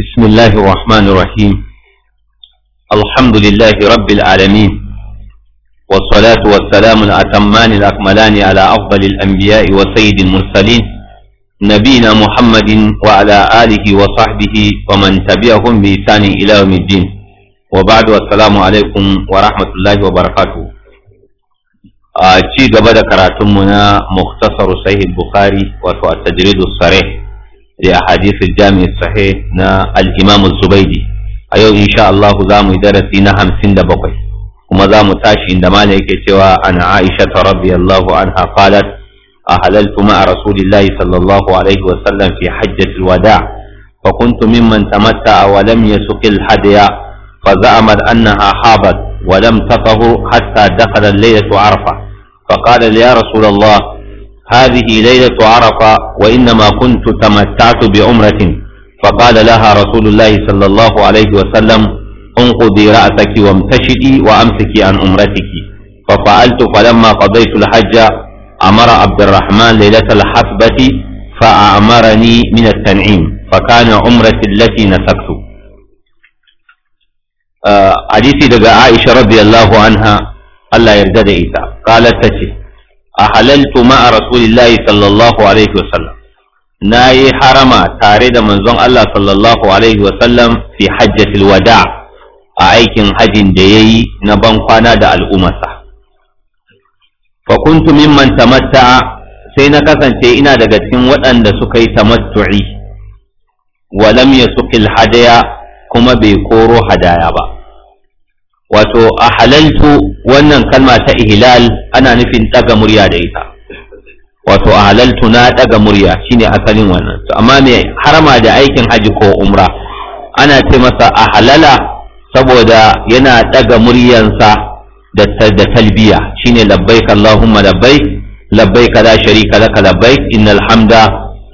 بسم الله الرحمن الرحيم الحمد لله رب العالمين والصلاة والسلام الأتمان الأكملان على أفضل الأنبياء وسيد المرسلين نبينا محمد وعلى آله وصحبه ومن تبعهم بإحسان إلى يوم الدين وبعد والسلام عليكم ورحمة الله وبركاته ci gaba da مختصر صحيح البخاري sahih bukhari da a hadisin jami'in sahi na al-imam zubaidi a yau insha Allah za mu yi darasi na hamsin da bakwai kuma za mu tashi inda mana yake cewa ana aisha ta radiyallahu anha qalat a halaltu ma'a rasulillahi sallallahu alaihi wa sallam fi hajjatul wada fa kuntu mimman tamatta wa lam yasqil hadiya fa za'amat annaha habat wa lam tatahu hatta dakhala al-lailatu arfa فقال ya يا رسول الله هذه ليلة عرفة وإنما كنت تمتعت بعمرة فقال لها رسول الله صلى الله عليه وسلم انقضي رأسك وامتشئي وأمسكي عن عمرتك ففعلت فلما قضيت الحج أمر عبد الرحمن ليلة الحسبة فأمرني من التنعيم فكان عمرتي التي نسكت حديثي آه دقاء عائشة رضي الله عنها الله يرجد إيسا قالت تشي A ahalaltu ma'a rasulillahi sallallahu alaihi wasallam na yi harama tare da manzon Allah sallallahu alaihi wasallam fi hajjatil wada a aikin hajin da ya yi na ban kwana da al'ummarsa fa kuntu mimman sai na kasance ina daga cikin waɗanda suka yi tamattu'i wa lam yasuqil hadaya kuma bai koro hadaya ba wato a halaltu wannan kalma ta Ihilal, ana nufin daga murya da ita wato a halaltu na daga murya shine asalin wannan to amma mai harama da aikin haji ko umra ana ce masa a halala saboda yana daga muryansa da da talbiya shine labbaik allahumma labbaik labbaik la sharika laka labbaik innal hamda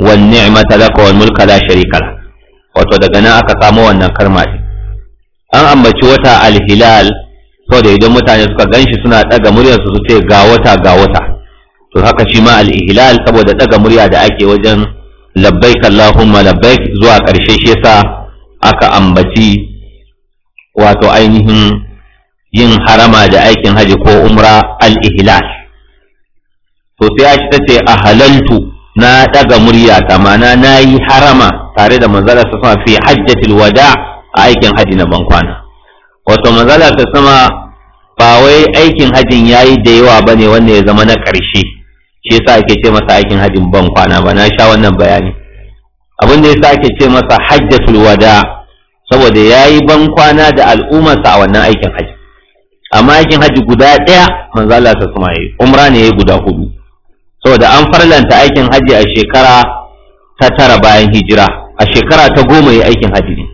wan ni'mata laka wal mulka la sharika lak wato daga nan aka samu wannan kalma an ambaci wata alhilal saboda idan mutane suka gan shi suna ɗaga muryarsu su ce ga wata ga wata to haka shi ma alhilal saboda ɗaga murya da ake wajen labbaik allahumma labbaik zuwa karshe shi yasa aka ambaci wato ainihin yin harama da aikin haji ko umra al-ihlal to sai ya ta ce halaltu na ɗaga murya ta na nayi harama tare da manzala sa fi hajjatil wada' a aikin haji na bankwana wato mazala ta sama ba wai aikin hajin yi da yawa ba ne wanda ya zama na ƙarshe shi yasa ake ce masa aikin hajin bankwana ba na sha wannan bayani abin da yasa ake ce masa hajjatul wada saboda ya yayi bankwana da al'ummarsa a wannan aikin haji amma aikin hajji guda ɗaya manzala ta sama yi, umra ne yi guda hudu saboda an farlanta aikin hajji a shekara ta tara bayan hijira a shekara ta goma ya aikin haji ne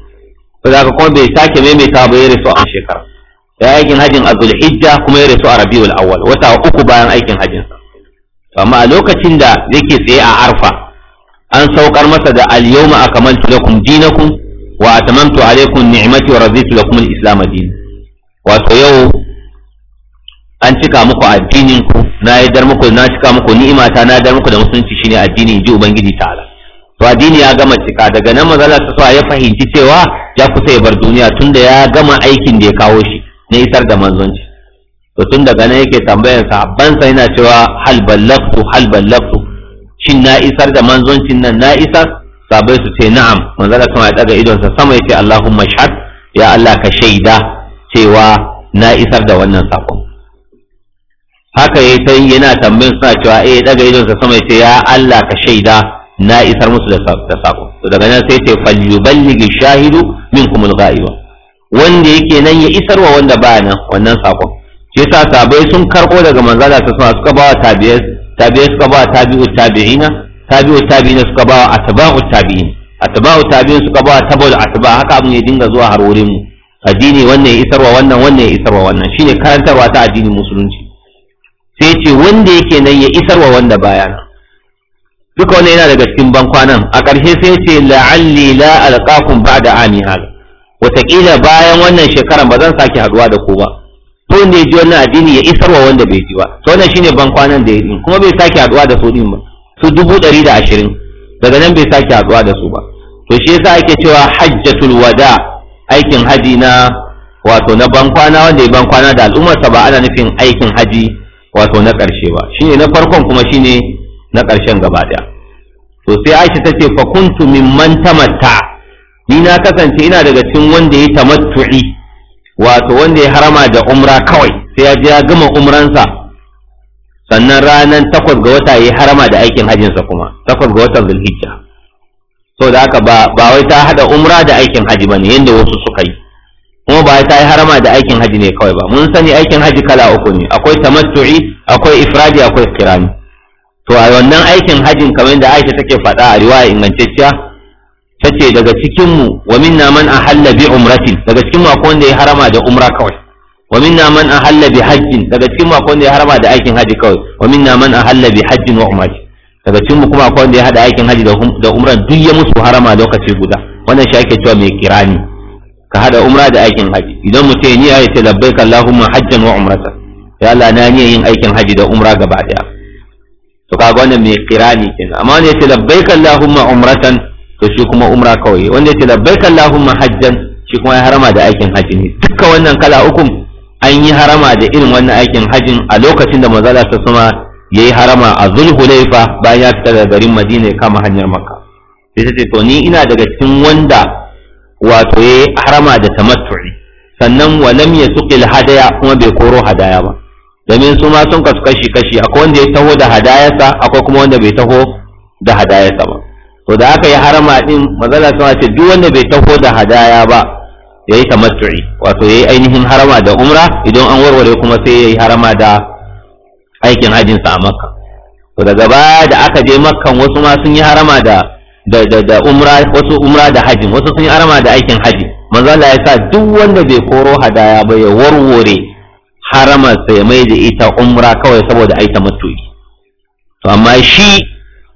za da kuma bai sake maimaita ba ya rasu a shekara ya aikin hajjin a zulhijja kuma ya rasu a rabiul awal. wata uku bayan aikin hajjin to amma a lokacin da yake tsaye a arfa an saukar masa da al-yawma akamaltu lakum dinakum wa atamamtu alaykum ni'mati wa raditu lakum al-islam din wato yau an cika muku addinin ku na dar muku na cika muku ni'imata na dar muku da musulunci shine addini ji ubangiji ta'ala to addini ya gama cika daga nan manzo Allah ya fahimci cewa ya kusa ya bar duniya tunda ya gama aikin da ya kawo shi na isar da manzonci to tun daga nan yake sa, sahabbansa yana cewa hal ballaqtu hal ballaqtu shin na isar da manzoncin nan na isar sabai su ce na'am manzo da kuma ya daga sa, sama yace Allahumma shahad ya Allah ka shaida cewa na isar da wannan sako. haka yayi ta yana tambayar suna cewa eh daga sa, sama yace ya Allah ka shaida na isar musu da sako to daga nan sai ce falyuballighi shahidu minkum alghaiba wanda yake nan ya isar wa wanda ba nan wannan sakon shi yasa sabai sun karko daga manzala ta sama suka bawa tabi'in tabi'in suka bawa tabi'u tabi'ina tabi'u tabi'ina suka bawa atba'u tabi'in atba'u tabi'in suka bawa tabul atba haka abun ya dinga zuwa har wurin mu addini wannan ya isarwa wannan wannan ya isarwa wannan shine karantarwa ta addinin musulunci sai ce wanda yake nan ya isarwa wanda baya nan duka wani yana daga cikin bankwanan a ƙarshe sai ce la'alli la alqakum ba'da ami hada wataƙila bayan wannan shekaran ba zan sake haduwa da ku ba to ne ji wannan addini ya isar wa wanda bai ji ba to wannan shine bankwanan da ya yi kuma bai sake haduwa da su din ba su dubu ɗari da ashirin daga nan bai sake haduwa da su ba to shi yasa ake cewa hajjatul wada aikin haji na wato na bankwana wanda ya bankwana da al'ummarsa ba ana nufin aikin haji wato na ƙarshe ba shine na farkon kuma shine na ƙarshen gaba ɗaya to sai Aisha ta ce, fa kuntu man tamatta ni na kasance ina daga cikin wanda ya tamattu'i wato wanda ya harama da umra kawai sai ya je ya gama umransa sannan ranar takwas ga wata ya harama da aikin hajjinsa kuma takwas ga watan zulhijja so da haka ba wai ta hada umra da aikin haji ne, yadda wasu suka yi kuma ba ta yi harama da aikin haji ne kawai ba mun sani aikin haji kala uku ne akwai tamattu'i akwai ifradi akwai kirani to a wannan aikin hajin kamar da Aisha take faɗa a riwaya ingantacciya tace daga cikin mu wa minna man ahalla bi umratin daga cikin mu akwai wanda ya harama da umra kawai wa minna man ahalla bi hajjin daga cikin mu akwai wanda ya harama da aikin haji kawai wa minna man ahalla bi hajjin wa umrati daga cikin mu kuma akwai wanda ya hada aikin haji da umran duk ya musu harama lokaci guda wannan shi ake cewa mai kirani ka hada umra da aikin haji idan mutum ya niyya ya ce labbaik allahumma hajjan wa umratan ya Allah na niyya yin aikin haji da umra gaba daya to kaga wannan mai kirani kenan amma wanda yace labbaik allahumma umratan to shi kuma umra kawai wanda yace labbaik allahumma hajjan shi kuma ya harama da aikin haji ne duka wannan kala uku an yi harama da irin wannan aikin hajin a lokacin da manzo Allah sama yayi harama a Zulhulaifa bayan ya fita daga garin Madina ya kama hanyar Makka sai ce to ni ina daga cikin wanda wato yi harama da tamattu'i sannan walam yasuqil hadaya kuma bai koro hadaya ba domin su ma sun kasu kashi kashi akwai wanda ya taho da hadayarsa akwai kuma wanda bai taho da hadayarsa ba to da aka yi harama din mazala sun ce duk wanda bai taho da hadaya ba ya yi tamattu'i wato ya yi ainihin harama da umra idan an warware kuma sai ya yi harama da aikin sa a makka to daga baya da aka je makkan wasu ma sun yi harama da da da, da umra wasu umra da hajjin wasu sun yi harama da aikin hajji manzo Allah ya sa duk wanda bai koro hadaya ba ya warware Harama sai mai da ita umra kawai saboda aita tamattu'i to amma shi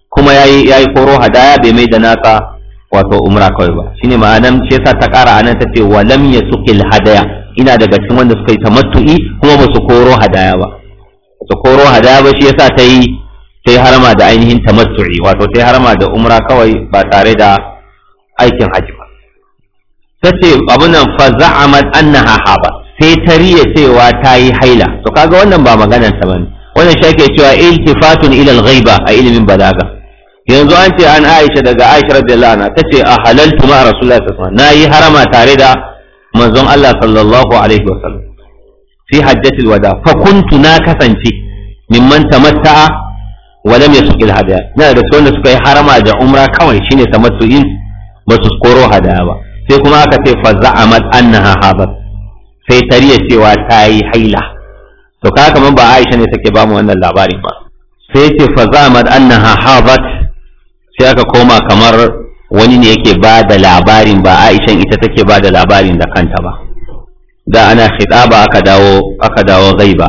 kuma yayi yayi koro hadaya bai mai da naka wato umra kawai ba shine ma'anan shi yasa ta kara anan ta ce wa lam yasqil hadaya ina daga cikin wanda suka yi tamattu'i kuma ba su koro hadaya ba su koro hadaya ba shi yasa ta yi ta yi harama da ainihin tamattu'i wato ta harama da umra kawai ba tare da aikin hajji ba ta ce abin nan fa za'amat annaha habat sai ta riya cewa ta yi haila to kaga wannan ba maganar ta bane wannan shi ake cewa iltifatun ila al-ghaiba a ilimin balaga yanzu an ce an Aisha daga Aisha radiyallahu anha tace a halaltu ma rasulullahi sallallahu alaihi wasallam nayi harama tare da manzon Allah sallallahu alaihi wasallam fi hajjatil wada fa kuntu na kasance mimman tamatta'a wa lam yasuq al-hadaya na da wanda suka yi harama da umra kawai shine tamattu'in ba su koro hadaya ba sai kuma aka ce fa za'amat annaha habat sai tariya cewa ta yi haila to ka kamar ba Aisha ne take ba mu wannan labarin ba sai ce fa zamad annaha habat sai aka koma kamar wani ne yake ba da labarin ba Aisha ita take ba da labarin da kanta ba da ana khitaba aka dawo aka dawo ghaiba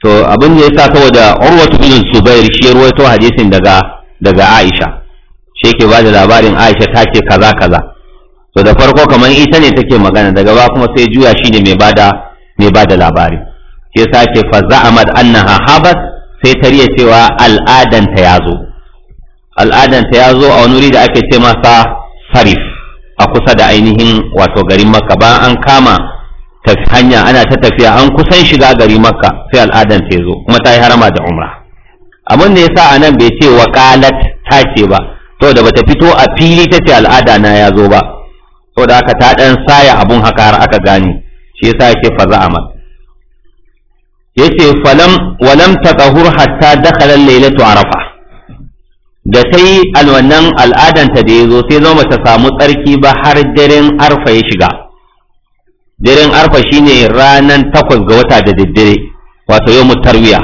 to abin da yasa saboda Urwatu bin Zubair shi ya ruwaito hadisin daga daga Aisha shi yake ba da labarin Aisha ta ce kaza kaza to da farko kamar ita ne take magana daga ba kuma sai juya shi ne mai ba da labari ke sa ce fa za'amat annaha habas sai ta riya cewa al'adanta ya zo. al'adan ta zo a wani da ake ce masa sarif a kusa da ainihin wato garin makka ba an kama hanya ana ta tafiya an kusan shiga gari makka sai al'adan ta zo kuma ta yi harama da umra abin da ya yasa anan bai ce wakalat ta ce ba to da bata fito a fili ta ce al'ada na ya zo ba ko da aka ta dan saya abun haka har aka gane shi yasa yake faza amal yace falam walam tatahur hatta dakhala laylatu arafa da sai alwannan ta da yazo sai zo ta samu tsarki ba har daren arfa ya shiga daren arfa shine ranan takwas ga wata da daddare wato yau tarwiya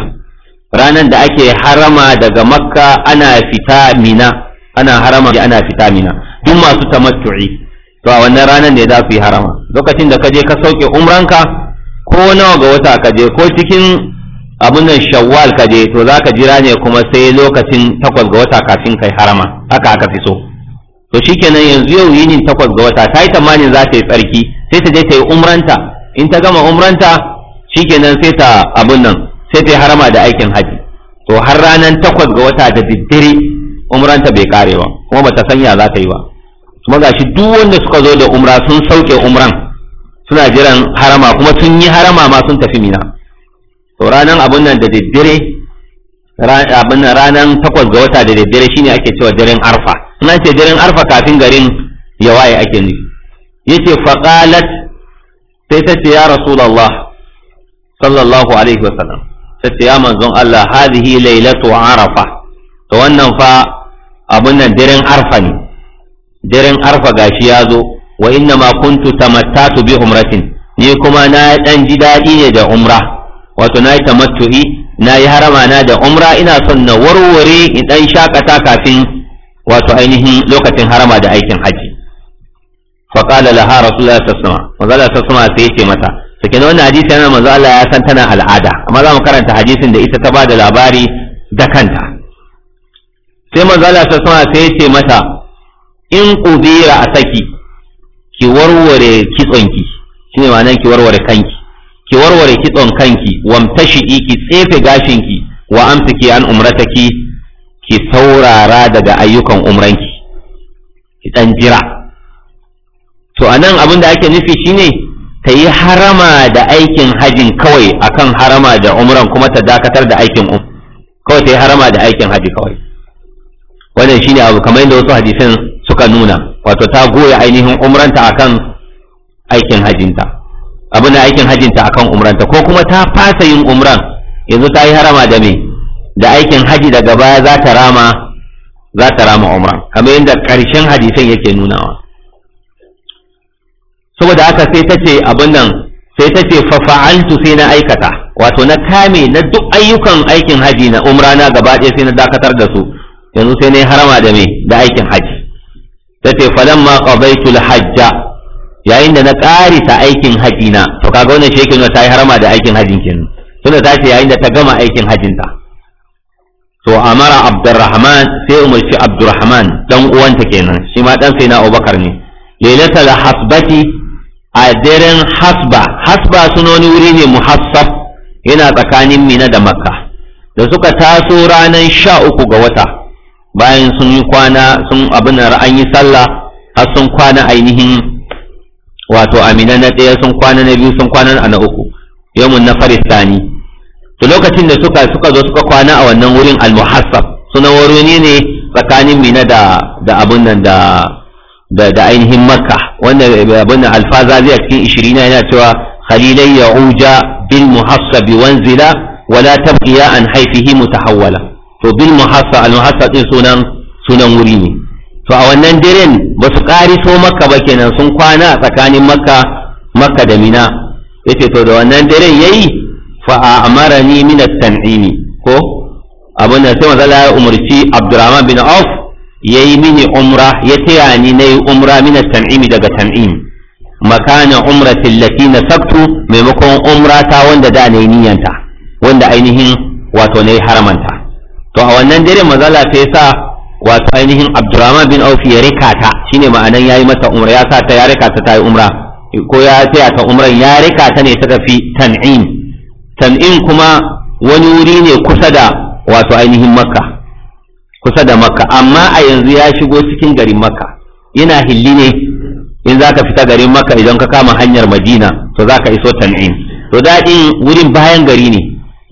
ranan da ake harama daga makka ana fita mina ana harama ana fita mina duk masu tamattu'i to a wannan ranar ne za su yi harama lokacin da ka je ka sauke umranka ko nawa ga wata ka je ko cikin abun nan shawwal ka je to za ka jira ne kuma sai lokacin takwas ga wata kafin kai harama haka aka fi so to shikenan yanzu yau yinin takwas ga wata ta yi tamanin za ta yi tsarki sai ta je ta yi umranta in ta gama umranta shikenan sai ta abun nan sai ta yi harama da aikin haji to har ranar takwas ga wata da diddiri, umranta bai karewa kuma bata sanya za ta yi ba kuma gashi duk wanda suka zo da umra sun sauke umran suna jiran harama kuma sun yi harama ma sun tafi mina to ranan abun nan da daddare abun nan ranan takwas ga wata da daddare shine ake cewa daren arfa ina ce daren arfa kafin garin ya waye ake nufi yace faqalat sai ta ce ya rasulullah sallallahu alaihi wasallam ta ce ya manzon Allah hadhihi lailatu arafa to wannan fa abun nan daren arfa ne daren arfa gashi ya zo wa inna ma kuntu tamattatu bi umratin ni kuma na dan ji daɗi ne da umra wato na yi tamattu'i na yi harama na da umra ina son na warware in dan shakata kafin wato ainihin lokacin harama da aikin haji fa qala laha rasulullahi sallallahu alaihi wasallam manzo Allah sallallahu alaihi wasallam mata sakin wannan hadisi yana manzo Allah ya san tana al'ada amma za mu karanta hadisin da ita ta ba da labari da kanta sai manzo Allah sallallahu alaihi wasallam sai ce mata in kubira a saki ki warware kitsonki shi ne ma'anar ki warware kanki ki warware kitson kanki wamtashi ki tsefe gashinki wa amsiki an umrataki ki ki saurara daga ayyukan umranki ki dan jira to anan abin da ake nufi shine ta yi harama da aikin hajin kawai akan harama da umran kuma ta dakatar da aikin um kawai ta yi harama da aikin haji kawai wannan shine abu kamar yadda wasu hadisan suka nuna wato ta goya ainihin umranta akan aikin hajinta abin da aikin hajinta akan umranta ko kuma ta fasa yin umran yanzu ta yi harama da me da aikin haji daga baya za ta rama za ta rama umran kamar yadda karshen hadisan yake nunawa saboda haka sai ta ce abin nan sai ta ce fa fa'altu sai na aikata wato na kame na duk ayyukan aikin haji na umrana gaba ɗaya sai na dakatar da su yanzu sai na yi harama da me da aikin haji tace falamma qadaytu al-hajja yayin da na karisa aikin haji na to kaga wannan shekin yake ta yi harama da aikin hajin tunda ta ce yayin da ta gama aikin hajin ta to amara abdurrahman sai umarci abdurrahman dan uwanta kenan shi ma dan sai na abubakar ne da hasbati a daren hasba hasba sunoni wuri ne muhassab yana tsakanin mina da makka da suka taso ranar sha uku ga wata bayan sun yi kwana sun abin an yi sallah har sun kwana ainihin wato amina na ɗaya sun kwana na biyu sun kwana na uku yawmun na faristani to lokacin da suka suka zo suka kwana a wannan wurin almuhassab suna wuri ne tsakanin mina da da abin nan da da da ainihin makka wanda abin nan alfaza zai cikin ishirina yana cewa khalilai ya'uja bil muhassabi wanzila wala tabqiya an haifihi mutahawwala to bil muhassa al muhassa din sunan sunan wuri ne to a wannan daren ba su so makka ba kenan sun kwana tsakanin makka makka da mina yace to da wannan daren yayi fa amarani min at-tan'imi ko abin da sai manzala ya umarci Abdurrahman bin Auf yayi mini umra ya taya ni nayi umra min at-tan'imi daga tan'im makana umrati na nasabtu maimakon umra ta wanda da nayi niyyanta wanda ainihin wato nayi haramanta to a wannan dare mazala ta sa wato ainihin abdurrahman bin auf ya rika ta shine ma'anan yayi mata umra ya sa ta ya rika ta tayi umra ko ya tsaya ta umran ya rika ta ne ta tafi tan'in tan'in kuma wani wuri ne kusa da wato ainihin makka kusa da makka amma a yanzu ya shigo cikin garin makka yana hilli ne in zaka fita garin makka idan ka kama hanyar madina to zaka iso tan'in to daɗin wurin bayan gari ne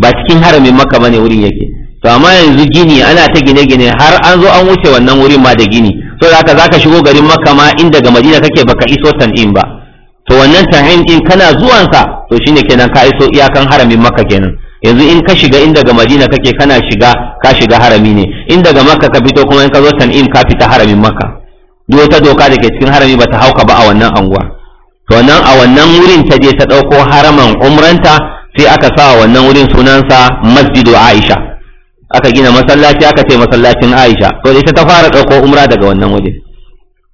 ba cikin haramin makka bane wurin yake to amma yanzu gini ana ta gine-gine har an zo an wuce wannan wurin ma da gini so da haka zaka shigo garin makka ma in daga madina kake baka iso tan'in ba to wannan tan'in din kana zuwansa to shine kenan ka iso iyakan haramin makka kenan yanzu in ka shiga in daga madina kake kana shiga ka shiga harami ne in daga makka ka fito kuma in ka zo tan'in ka fita haramin makka duk wata doka da ke cikin harami ba ta hauka ba a wannan anguwa to nan a wannan wurin ta je ta ɗauko haraman umranta sai aka sa wannan wurin sunansa masjidu aisha aka gina masallaci aka ce masallacin Aisha to ita ta fara ɗauko umra daga wannan waje.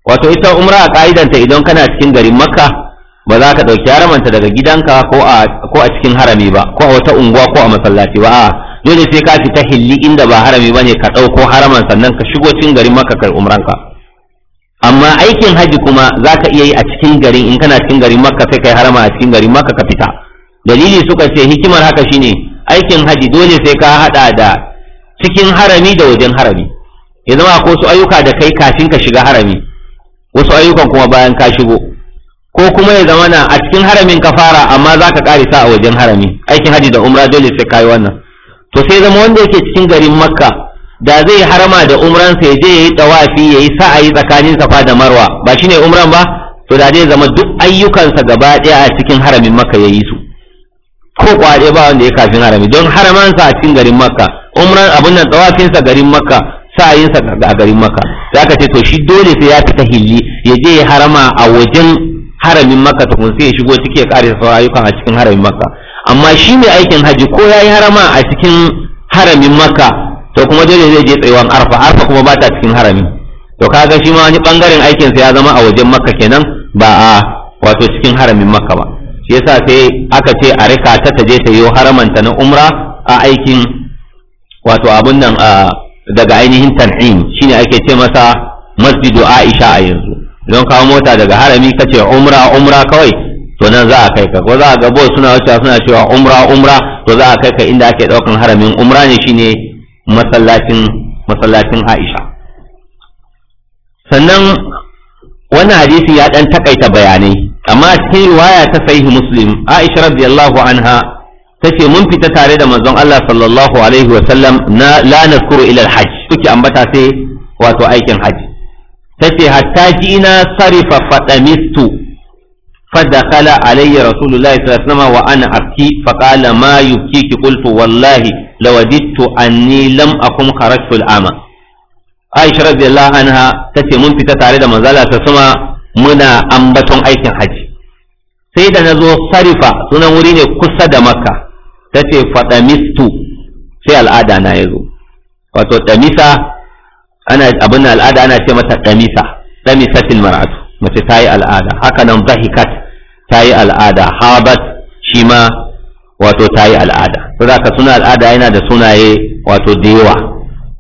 wato ita umra a ka'idanta idan kana cikin garin Makka ba za ka ɗauki haramanta daga gidanka ko a ko a cikin harami ba ko a wata unguwa ko a masallaci ba a dole sai ka fita hilli inda ba harami ba bane ka ɗauko haraman sannan ka shigo cikin garin Makka kai umranka amma aikin haji kuma za ka iya yi a cikin garin in kana cikin garin Makka sai kai harama a cikin garin Makka ka fita dalili suka ce hikimar haka shine aikin haji dole sai ka haɗa da cikin harami da wajen harami ya zama ko su ayyuka da kai kafin ka shiga harami wasu ayyukan kuma bayan ka shigo ko kuma ya zama na a cikin haramin ka fara amma za ka karisa a wajen harami aikin haji da umra dole sai kayi wannan to sai zama wanda yake cikin garin makka da zai harama da umran sai je yayi tawafi yayi sa'ayi tsakanin safa da marwa ba shine umran ba to da zai zama duk ayyukansa gaba daya a cikin haramin makka yayi su ko kwade ba wanda ya kafin harami don haramansa a cikin garin makka umran abin nan sa garin makka sa a garin makka za ka ce to shi dole sai ya fita hilli ya je ya harama a wajen haramin makka ta sai ya shigo cikin ya kare a cikin haramin makka amma shi mai aikin haji ko ya harama a cikin haramin makka to kuma dole zai je tsayuwan arfa arfa kuma ba ta cikin harami to kaga shi ma wani bangaren aikinsa ya zama a wajen makka kenan ba a wato cikin haramin makka ba shi yasa sai aka ce a rika ta taje ta yi haramanta na umra a aikin wato abun nan daga ainihin tan'im shine ake ce masa masjidu aisha a yanzu idan kawo mota daga harami kace umra umra kawai to nan za a kai ka ko za a ga boy suna wuce suna cewa umra umra to za a kai ka inda ake daukan haramin umra ne shine masallacin masallacin aisha sannan wannan hadisi ya dan takaita bayanai amma cikin riwaya ta sahih muslim aisha radiyallahu anha tace mun fita tare da manzon Allah sallallahu alaihi wa sallam na la nakuru ila alhajj kuke ambata sai wato aikin haji tace hatta jina sarifa fatamistu فدخل علي رسول الله صلى الله عليه وسلم وانا ابكي فقال ما يبكيك قلت والله لوددت اني لم اكن خرجت العام عائشه رضي الله عنها تتي من fita tare da manzala ta sama muna ambaton aikin Hajji. sai da nazo sarifa sunan wuri ne kusa da makka ta ce faɗamistu sai al'ada na ya zo wato ɗamisa ana abin al'ada ana ce mata ɗamisa ɗamisatil mar'atu mace ta yi al'ada haka nan zahikat ta yi al'ada habat shi ma wato ta yi al'ada za ka suna al'ada yana da sunaye wato da yawa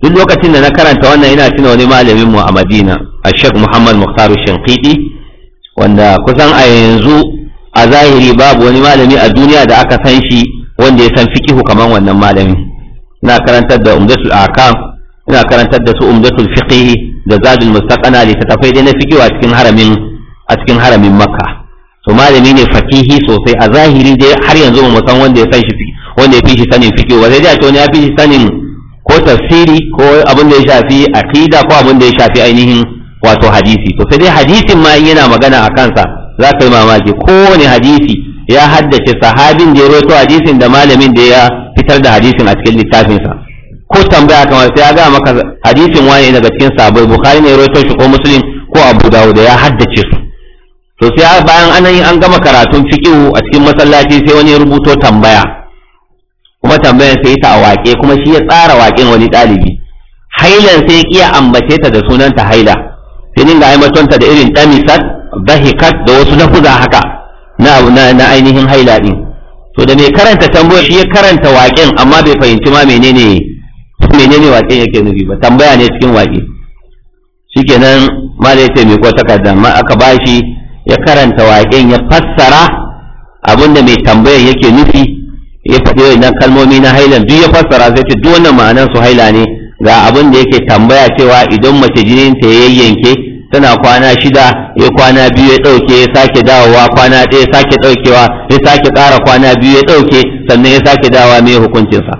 duk lokacin da na karanta wannan ina tuna wani malamin mu a Madina a Sheikh Muhammad Mukhtar Shinqiti wanda kusan a yanzu a zahiri babu wani malami a duniya da aka san shi wanda ya san fiqihu kaman wannan malami ina karantar da umdatul akam ina karantar da su umdatul fiqhi da zadul mustaqana li tafai dai na fiqihu a cikin haramin a cikin haramin makka to malami ne fakihi sosai a zahiri dai har yanzu mu san wanda ya san shi wanda ya fi shi sanin fiqihu wanda dai a ce wani ya fi shi sanin ko tafsiri ko abin da ya shafi aqida ko abin da ya shafi ainihin wato hadisi to sai dai hadisin ma yana magana a kansa za ka yi mamaki kowane hadisi ya haddace sahabin da ya roto hadisin da malamin da ya fitar da hadisin a cikin littafinsa ko tambaya kamar sai ya ga maka hadisin wani daga cikin sabai bukari ne ya shi ko muslim ko abu dawud ya haddace su to sai bayan an yi an gama karatun fiqh a cikin masallaci sai wani rubuto tambaya kuma tambayar sai ta waƙe kuma shi ya tsara waƙen wani ɗalibi hailan sai ya kiya ambace ta da sunanta haila sai dinga aimatonta da irin damisat bahikat da wasu nafuza haka na ainihin haila din to da mai karanta tambayar shi ya karanta waƙen amma bai fahimci ma menene menene waƙen yake nufi ba tambaya ne cikin waƙe shikenan malai ce mai ko takarda ma aka bashi ya karanta waƙen ya fassara da mai tambayar yake nufi ya faɗi idan kalmomi na hailan duk ya fassara sai ce duk wannan ma'anar su haila ne ga abin da yake tambaya cewa idan mace jinin ta yayyanke tana kwana shida ya kwana biyu ya ɗauke ya sake dawowa kwana ɗaya ya sake ɗaukewa ya sake ƙara kwana biyu ya ɗauke sannan ya sake dawowa mai hukuncinsa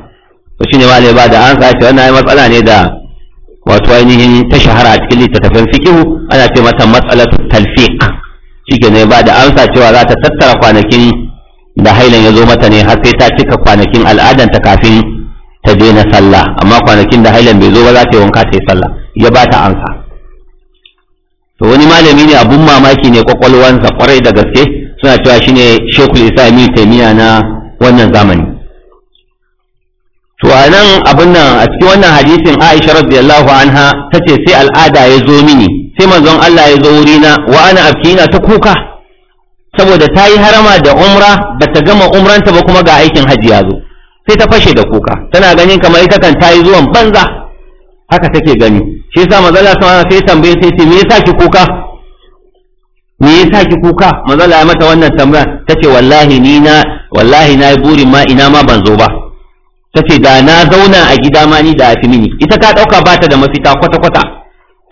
to shine ma ba da an sace wannan matsala ne da wato ainihin ta shahara a cikin littattafan fikihu ana ce mata matsalatu talfiq shike ne ba da amsa cewa za ta tattara kwanakin da hailan ya zo mata ne har sai ta cika kwanakin ta kafin ta daina sallah amma kwanakin da hailan bai zo ba za ta yi wanka ta yi sallah ya ba ta amsa to wani malami ne abun mamaki ne kwakwalwansa kwarai da gaske suna cewa shine shekul isa ibn taymiya na wannan zamani to a nan abin nan a cikin wannan hadisin aisha radiyallahu anha tace sai al'ada ya zo mini sai manzon Allah ya zo na wa ana abkina ta kuka saboda ta yi harama da umra ba ta gama umranta ba kuma ga aikin hajji ya zo sai ta fashe da kuka tana ganin kamar ita kan ta yi zuwan banza haka take gani shi yasa manzo Allah subhanahu sai tambaye sai ce me yasa ki kuka me yasa ki kuka manzo ya mata wannan tambaya tace wallahi ni na wallahi na yi burin ma ina ma ban zo ba tace da na zauna a gida ma ni da fi mini ita ta dauka ba ta da mafita kwata kwata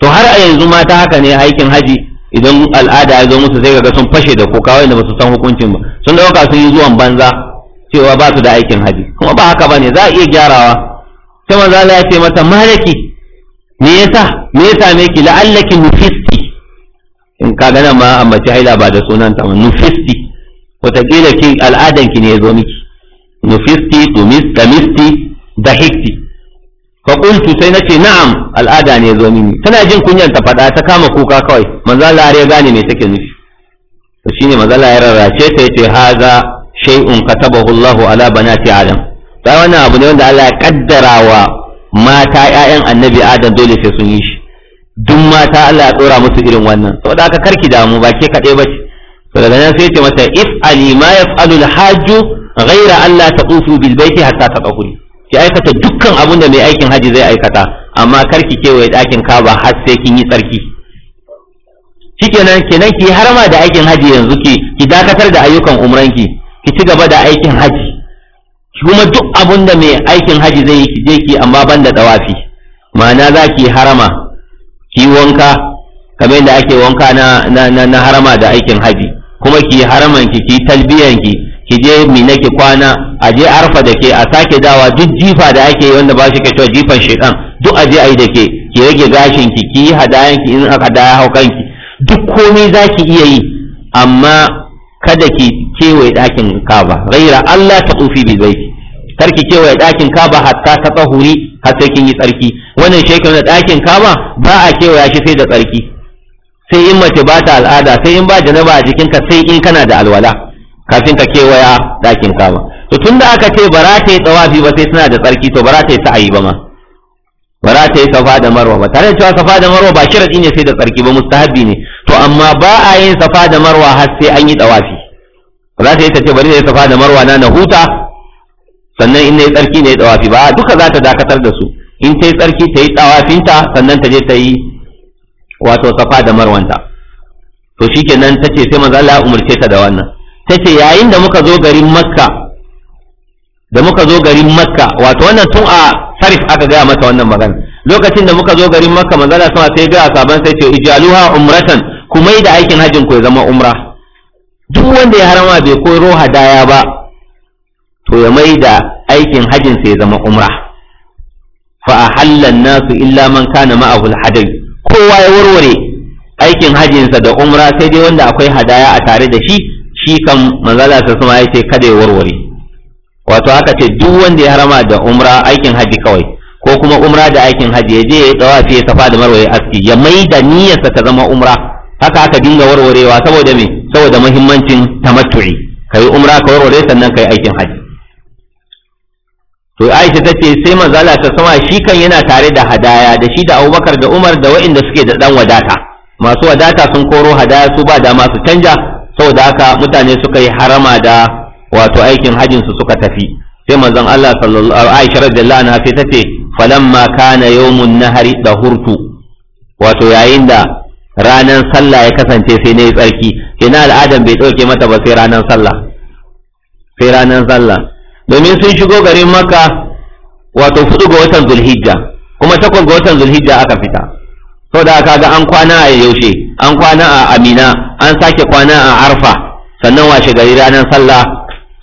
to har a yanzu mata haka ne aikin haji idan al'ada ya zo musu sai ga sun fashe da kuka wanda ba su san hukuncin ba sun dauka sun yi zuwan banza cewa ba su da aikin haji kuma ba haka bane za a iya gyarawa Ta manzo ya ce mata malaki me yasa me yasa me ki la'allaki nufisti in ka gana ma amma ci haila ba da sunan ta nufisti wataƙila kin al'adan ki ne yazo miki nufisti tumis da hikti fa qultu sai nace na'am al'ada ne yazo mini tana jin kunyan ta fada ta kama kuka kawai manzo Allah ya gane me take nufi to shine manzo Allah ya rarrace ta yace haza shay'un katabahu Allahu ala banati adam dai wannan abu ne wanda Allah ya kaddarawa mata 'ya'yan annabi adam dole sai sun yi shi duk mata Allah ya tsora musu irin wannan saboda haka karki damu ba ke kaɗai ba ce daga nan sai ce mata if ali ma yaf'alu al-hajju ghaira an la taqufu bil baiti hatta tatahuri ki aikata dukkan abin da mai aikin haji zai aikata amma karki kewaye ɗakin kaba har sai kin yi tsarki shikenan kenan ki harma da aikin haji yanzu ki ki dakatar da ayyukan umranki ki ci gaba da aikin haji kuma duk abun da mai aikin haji zai yi je ki amma ban da tawafi ma'ana za ki harama ki wanka kamar yadda ake wanka na, na, na, harama da aikin haji kuma ki haraman ki ki talbiyan ki ki je mina ki kwana a je arfa da ke a sake dawa duk jifa da ake yi wanda ba shi ke jifan shekan duk a je a yi da ke ki rage gashin ki ki hadayan ki in aka daya haukan ki duk komai za ki iya yi amma kada ki kewaye dakin kaba ghaira Allah ta tsufi bi karki kewaye ɗakin kaba hatta ta tsahuri har sai kin yi tsarki wannan shekaru da ɗakin kaba ba a kewaya shi sai da tsarki sai in mace ba ta al'ada sai in ba janaba a jikinka sai in kana da alwala kafin ka kewaya ɗakin kaba to tun da aka ce barata ta yi tsawafi ba sai suna da tsarki to bara ta yi sa'ayi ba ma Barata ta yi safa da marwa ba tare da cewa safa da marwa ba sharadi ne sai da tsarki ba Mustahabi ne to amma ba a yin safa da marwa har sai an yi tsawafi ba za ta yi ta ce bari da safa da marwa na na huta sannan in yi tsarki ne tsawafi ba duka za ta dakatar da su in ta yi tsarki ta yi tsawafinta sannan ta je ta yi wato safa da marwanta to shi nan ta ce sai manzo Allah umarce ta da wannan ta ce yayin da muka zo garin makka da muka zo garin makka wato wannan tun a sarif aka gaya mata wannan magana lokacin da muka zo garin makka manzo Allah sama sai ga saban sai ce ijaluha umratan kuma yi da aikin hajjin ku ya zama umra duk wanda ya harama bai koyo hadaya ba to ya mai da aikin hajjin sai zama umra fa ahalla nasu illa man kana ma'ahu al kowa ya warware aikin sa da umra sai dai wanda akwai hadaya a tare da shi shi kan manzala sa sama yace kada ya warware wato aka ce duk wanda ya harama da umra aikin haji kawai ko kuma umra da aikin haji ya je ya dawafi ya safa da marwaye aski ya mai da sa ta zama umra haka aka dinga warwarewa saboda me saboda muhimmancin tamattu'i kai umra ka warware sannan kai aikin haji to Aisha ta ce sai manzo Allah ta sama shi kan yana tare da hadaya da shi da Abubakar da Umar da waɗanda suke da dan wadata masu wadata sun koro hadaya su ba da masu canja saboda haka mutane suka yi harama da wato aikin hajinsu su suka tafi sai manzon Allah sallallahu Aisha radiyallahu anha sai ta ce falamma kana yawmun nahari dahurtu wato yayin da ranar sallah ya kasance sai ne tsarki kina al'adan bai dauke mata ba sai ranar sallah sai ranar sallah domin sun shigo garin maka wato hudu ga watan zulhijja kuma takwas ga watan zulhijja aka fita da aka ga an kwana a yaushe an kwana a amina an sake kwana a arfa sannan washe gari ranar sallah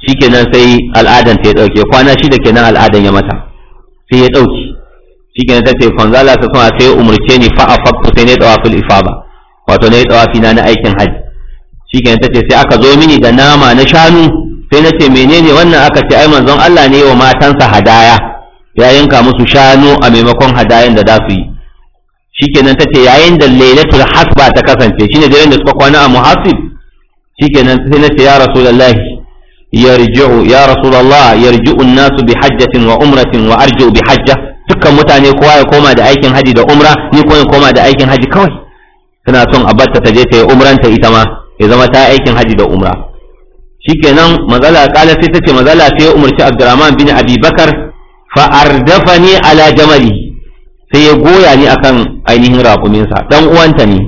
shikenan sai al'adan ta ya dauke kwana shi da kenan al'adan ya mata sai ya dauke shikenan ta ce fanzala ta sama sai umurce ni fa a fakku sai ne tsawafin ifaba wato ne tawafi na na aikin hajji shikenan ta ce sai aka zo mini da nama na shanu sai na ce menene wannan aka ce ai manzon Allah ne wa matansa hadaya ya yanka musu shanu a maimakon hadayan da za su yi shikenan tace yayin da lailatul hasba ta kasance shine daren da suka kwana a muhasib shikenan sai na ce ya rasulullahi yarji'u ya rasulullah yarji'u an-nasu bi hajjatin wa umratin wa arji'u bi hajja dukkan mutane kowa ya koma da aikin haji da umra ni kuma in koma da aikin haji kawai tana son a batta ta je ta yi umranta ita ma ya zama ta aikin haji da umra shikenan mazala kala sai tace mazala sai umarci Abdurrahman bin Abi Bakar fa ardafani ala jamali sai ya goya ni akan ainihin raƙumin sa dan uwanta ne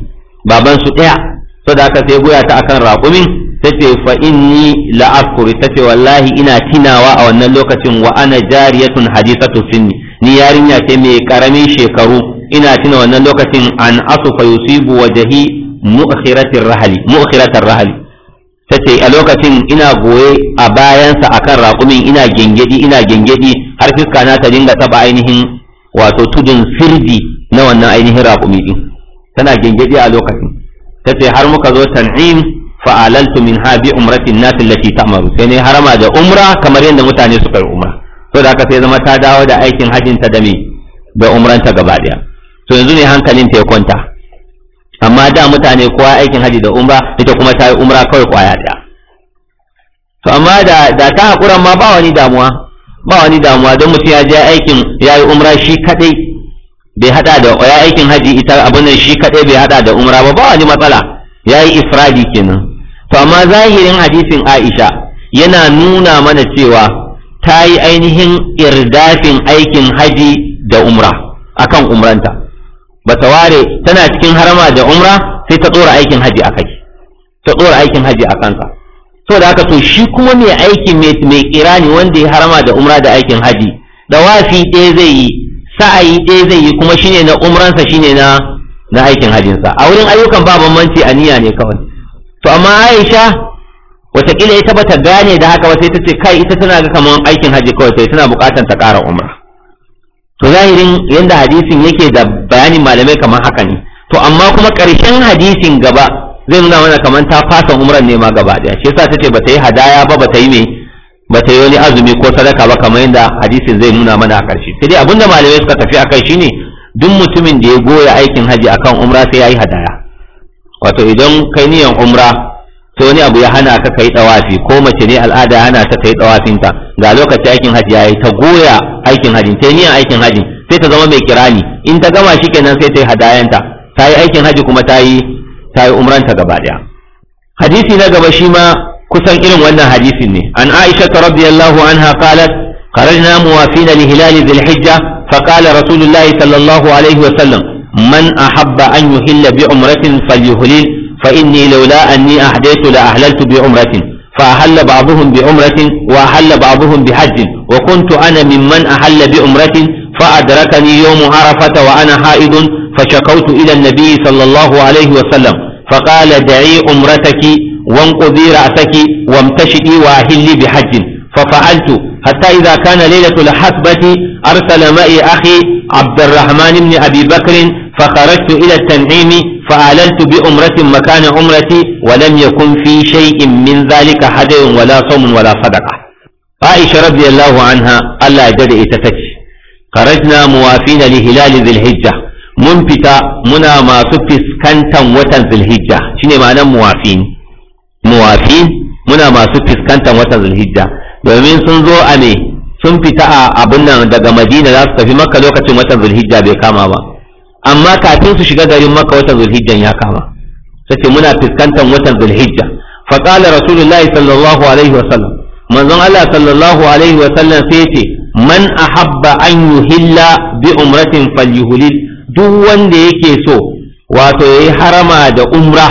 baban su daya saboda haka sai goya ta akan raƙumin tace fa inni la tace wallahi ina tinawa a wannan lokacin wa ana jariyatun hadisatu sinni ni yarinya ce mai karamin shekaru ina tina wannan lokacin an asu fa yusibu wajhi mu'khiratir rahli mu'khiratir rahali ta a lokacin ina goye a bayansa akan raƙumin ina gengedi ina gengedi har fiska na ta dinga taba ainihin wato tudun sirdi na wannan ainihin raƙumi din tana gengedi a lokacin Tace ce har muka zo tan'im fa'alaltu min ha bi umratin nas allati ta'maru sai ne harama da umra kamar yadda mutane suka yi umra to da haka sai zama ta dawo da aikin hajin ta da me da umranta gaba daya to yanzu ne hankalin ta ya kwanta amma da mutane kowa aikin haji da umra ita kuma ta yi umra kawai kwaya ɗaya to amma da da ta hakura ma ba wani damuwa ba wani damuwa don mutum ya je aikin ya yi umra shi kaɗai bai haɗa da ya aikin haji ita abin nan shi kaɗai bai haɗa da umra ba ba wani matsala ya yi ifradi kenan to amma zahirin hadisin Aisha yana nuna mana cewa ta yi ainihin irdafin aikin haji da umra akan umranta bata ware tana cikin harama da umra sai ta tsora aikin haji a kai ta tsora aikin haji a kansa to da haka to shi kuma mai aiki mai kirani wanda ya harama da umra da aikin haji da wafi ɗaya zai yi sa'ayi ɗaya zai yi kuma shine na umransa shine na na aikin hajinsa a wurin ayyukan ba bambanci niyya ne kawai to amma Aisha watakila ita bata gane da haka ba sai ta ce kai ita tana ga kaman aikin haji kawai sai tana bukatan ta kara umra to zahirin yadda hadisin yake da bayanin malamai kamar haka ne to amma kuma ƙarshen hadisin gaba zai nuna mana kamar ta fasa umran ne ma gaba daya shi yasa tace bata yi hadaya ba bata yi me bata yi wani azumi ko sadaka ba kamar yadda hadisin zai nuna mana a ƙarshe sai dai abinda malamai suka tafi akai shine duk mutumin da ya goya aikin haji akan umra sai ya yi hadaya wato idan kai niyan umra sai wani abu ya hana ka kai dawafi ko mace ne al'ada ya hana ta kai dawafinta ga lokacin aikin hajji yayi ta goya aikin hajji ta niyan aikin hajji sai ta zama mai kirani in ta gama shikenan sai ta yi hadayanta ta yi aikin hajji kuma ta yi ta yi gaba daya hadisi na gaba shi ma kusan irin wannan hadisin ne an aisha radiyallahu anha qalat kharajna muwafina li hilali dhil hijja fa qala rasulullahi sallallahu alaihi wa sallam man ahabba an yuhilla bi umratin falyuhlil فإني لولا أني أحديت لأهللت بعمرة فأهل بعضهم بعمرة وأهل بعضهم بحج وكنت أنا ممن أهل بعمرة فأدركني يوم عرفة وأنا حائض فشكوت إلى النبي صلى الله عليه وسلم فقال دعي عمرتك وانقضي رأسك وامتشئي وأهلي بحج ففعلت حتى إذا كان ليلة الحسبة أرسل معي أخي عبد الرحمن بن أبي بكر فخرجت إلى التنعيم tu bi umratin makana umrati wa lam yakun fi shay'in min zalika hadayun wala sawmun wala sadaqa Aisha radiyallahu anha Allah ya dade ita tace kharajna muwafina li hilal dhil hijja mun fita muna masu fiskantan watan dhil hijja shine ma'anar muwafin muwafin muna masu fiskantan watan dhil domin sun zo a sun fita a abin nan daga Madina za su tafi Makka lokacin watan dhil bai kama ba amma kafin su shiga garin maka watan zulhijjan ya kama sace muna fuskantar watan zulhijja fa qala rasulullahi sallallahu alaihi wa sallam manzon Allah sallallahu alaihi wa sallam sai ce man ahabba an yuhilla bi umratin falyuhlil duk wanda yake so wato yayi harama da umra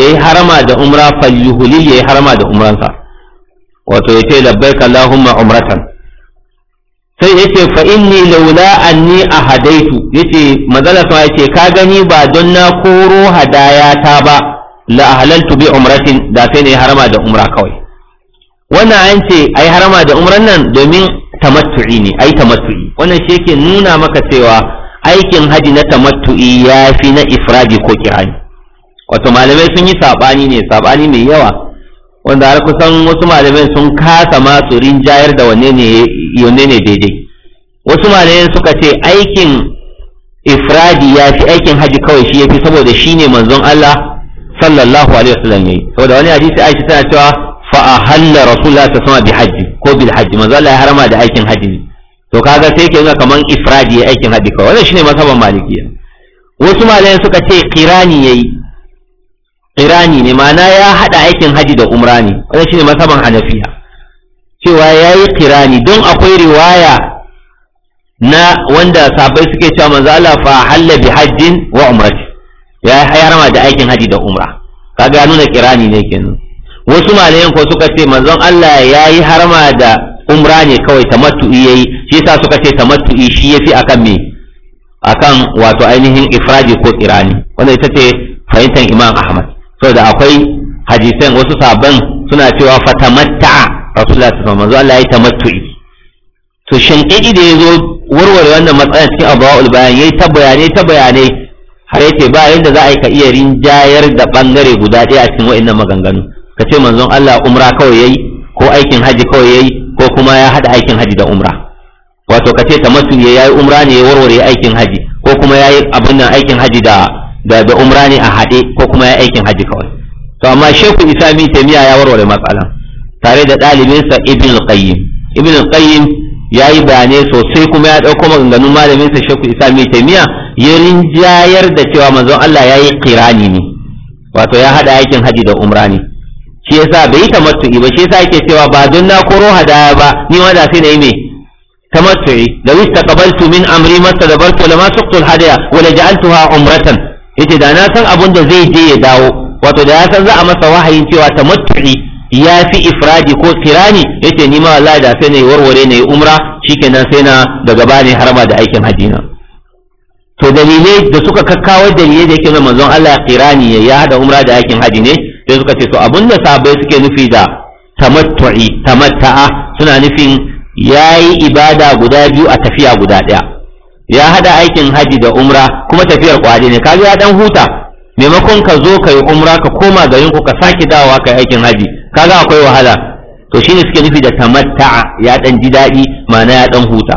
yayi harama da umra falyuhlil yayi harama da umransa wato yace labbaik allahumma umratan sai yace fa inni laula anni ahadaitu yace manzala sa yace ka gani ba don na koro hadaya ta ba la halaltu bi umratin da sai ne harama da umra kawai wannan an ce ai harama da umran nan domin tamattu'i ne ai tamattu'i wannan shi yake nuna maka cewa aikin haji na tamattu'i ya fi na ifradi ko kirani wato malamai sun yi sabani ne sabani mai yawa wanda har kusan wasu malamai sun kasa ma su rinjayar da wanne ne yone ne daidai wasu malamai suka ce aikin ifradi ya fi aikin haji kawai shi ya fi saboda shi ne manzon Allah sallallahu alaihi wasallam yayi saboda wani hadisi Aisha tana cewa fa ahalla rasulullah ta sama bi haji ko bil haji manzon Allah ya harama da aikin haji ne to kaga sai ke nuna kaman ifradi ya aikin haji kawai wannan shine mazhaban malikiya wasu malamai suka ce qirani yayi qirani ne ma'ana ya hada aikin haji da umrani, ne wannan shine mazhaban hanafiya cewa ya yi kirani don akwai riwaya na wanda sabai suke cewa manzo Allah fa halla bi hajjin wa umrati ya harama da aikin haji da umra kaga nuna kirani ne kenan wasu malayan ko suka ce manzon Allah ya yi harama da umra ne kawai tamattu'i yayi shi yasa suka ce tamattu'i shi yafi akan me akan wato ainihin ifradi ko kirani wanda ita ce fahimtar Imam Ahmad saboda akwai hadisan wasu saban suna cewa fatamatta'a rasulullah ta manzo Allah ya yi tamattu'i to shankidi da zo warware wannan matsalar cikin abawul bayan yi ta bayanai ta bayanai har yake ba yadda za a yi ka iya rinjayar da ɓangare guda ɗaya a cikin wa'innan maganganu ka ce manzon Allah umra kawai yi, ko aikin haji kawai yi, ko kuma ya haɗa aikin haji da umra wato ka ce tamattu ya yi umra ne ya warware aikin haji ko kuma ya yi abin nan aikin haji da da da umra ne a hade ko kuma ya aikin haji kawai to amma shehu isami taimiya ya warware matsalan tare da ɗalibinsa ibn al-qayyim ibn al-qayyim ya yi bayanai sosai kuma ya ɗauko maganganun malaminsa shakku isa mai taimiya ya rinjayar da cewa manzon Allah ya yi kirani ne wato ya haɗa aikin haji da umra ne shi yasa bai yi tamattu'i ba shi yasa yake cewa ba don na koro hadaya ba ni ma sai na yi me tamattu'i da wista qabaltu min amri da mastadbartu lama suqtu al-hadaya wa la ja'altuha umratan yace da na san abun da zai je ya dawo wato da ya san za a masa wahayin cewa tamattu'i ya fi ifradi ko kirani yake ni ma wallahi da sai na yi warware na yi umra shikenan sai na daga bani harma da aikin na to dalilai da suka kakkawo dalilai da yake nuna manzon Allah kirani ya hada umra da aikin haji ne sai suka ce to abin da sabai suke nufi da tamattu'i tamatta'a suna nufin yayi ibada guda biyu a tafiya guda daya ya hada aikin haji da umra kuma tafiyar kwaje ne kaga ya dan huta maimakon ka zo ka umra ka koma garin ku ka saki dawowa kai aikin haji kaga akwai wahala to shine suke nufi da tamatta'a ya dan ji daɗi ma'ana ya dan huta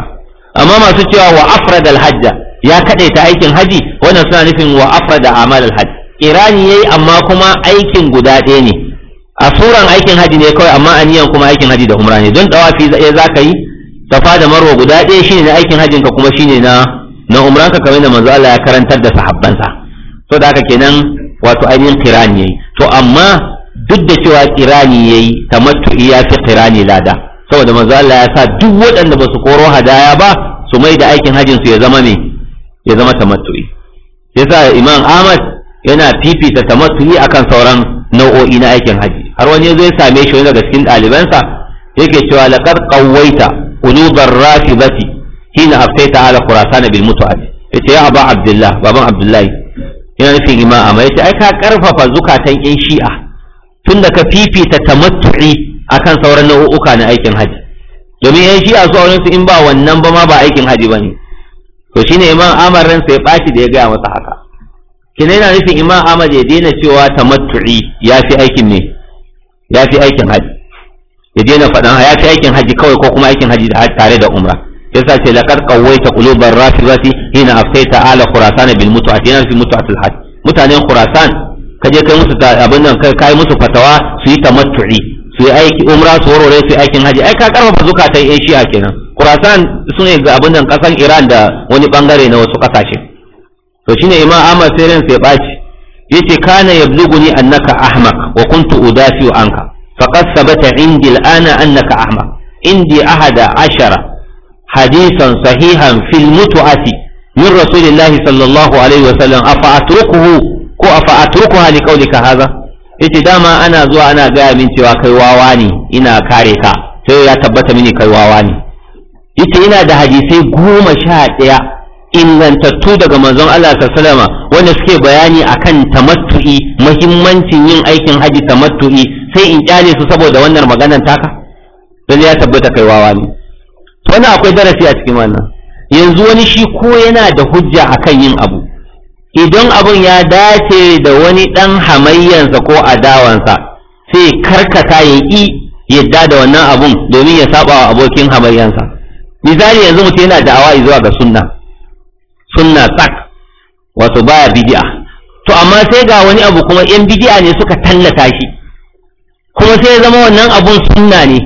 amma masu cewa wa afrada alhajja ya kadaita aikin haji wannan suna nufin wa afrad amal alhajj kirani yayi amma kuma aikin guda ɗaya ne a suran aikin haji ne kawai amma aniyan kuma aikin haji da umra ne don dawafi za ka yi safa da marwa guda ɗaya shine na aikin hajjin ka kuma shine na na ka kamar da manzo Allah ya karantar da sahabbansa to da haka kenan wato ainihin kirani yayi to amma duk da cewa kirani yayi tamattu'i ya fi kirani lada saboda manzo Allah ya sa duk waɗanda ba su koro hadaya ba su mai da aikin hajjin su ya zama me ya zama tamattu'i yasa Imam Ahmad yana fifita tamattu'i akan sauran nau'o'i na aikin haji har wani zai ya same shi wani daga cikin ɗalibansa yake cewa laqad qawwaita qulubar rafidati hina aftaita ala khurasan bil mutu'ad yace ya aba abdullah baban abdullahi yana nufin imam amma yace ai ka karfafa zukatan yan shi'a tunda ka fifita tamattu'i akan sauran nau'uka na aikin haji domin yan shi'a su auren su in ba wannan ba ma ba aikin haji bane to shine imam amar ran sai baci da ya gaya masa haka kina yana nufin imam amar ya daina cewa tamattu'i ya fi aikin ne ya fi aikin haji ya daina faɗan ya fi aikin haji kawai ko kuma aikin haji tare da umra yasa ce laqad qawwaita qulubar rafidati hina aftaita ala khurasan bil mutu'ati yana fi mutu'atil haji mutanen khurasan ka je kai musu abin nan kai musu fatawa su yi tamattu'i su yi aiki umra su warware su yi aikin haji ai ka karfafa zukata yan shi'a kenan kurasan sune ga abin nan kasan iran da wani bangare na wasu kasashe to shine imam ahmad sai ran sai baci yace kana yabluguni annaka ahmaq wa kuntu udafi anka faqad sabata indi al'ana annaka ahmaq indi ahada ashara hadisan sahihan fil mutu'ati min rasulillahi sallallahu alaihi wasallam afa atrukuhu ko a fa'atruku hali ka haza yace dama ana zuwa ana gaya min cewa kai wawa ne ina kare ka sai ya tabbata mini kai wawa ne yace ina da hadisai goma sha ɗaya ingantattu daga manzon Allah wasallam wanda suke bayani akan tamattu'i muhimmancin yin aikin haji tamattu'i sai in kyale su saboda wannan maganar taka dan ya tabbata kai wawa ne to akwai darasi a cikin wannan yanzu wani shi ko yana da hujja akan yin abu idan abun ya dace da wani ɗan hamayyansa ko adawansa sai karkata ya yi yadda da wannan abun domin ya saba wa abokin hamayyansa misali yanzu mutum yana da'awa zuwa ga sunna sunna tsak wato baya bid'a to amma sai ga wani abu kuma yan bidiya ne suka tallata shi kuma sai ya zama wannan abun sunna ne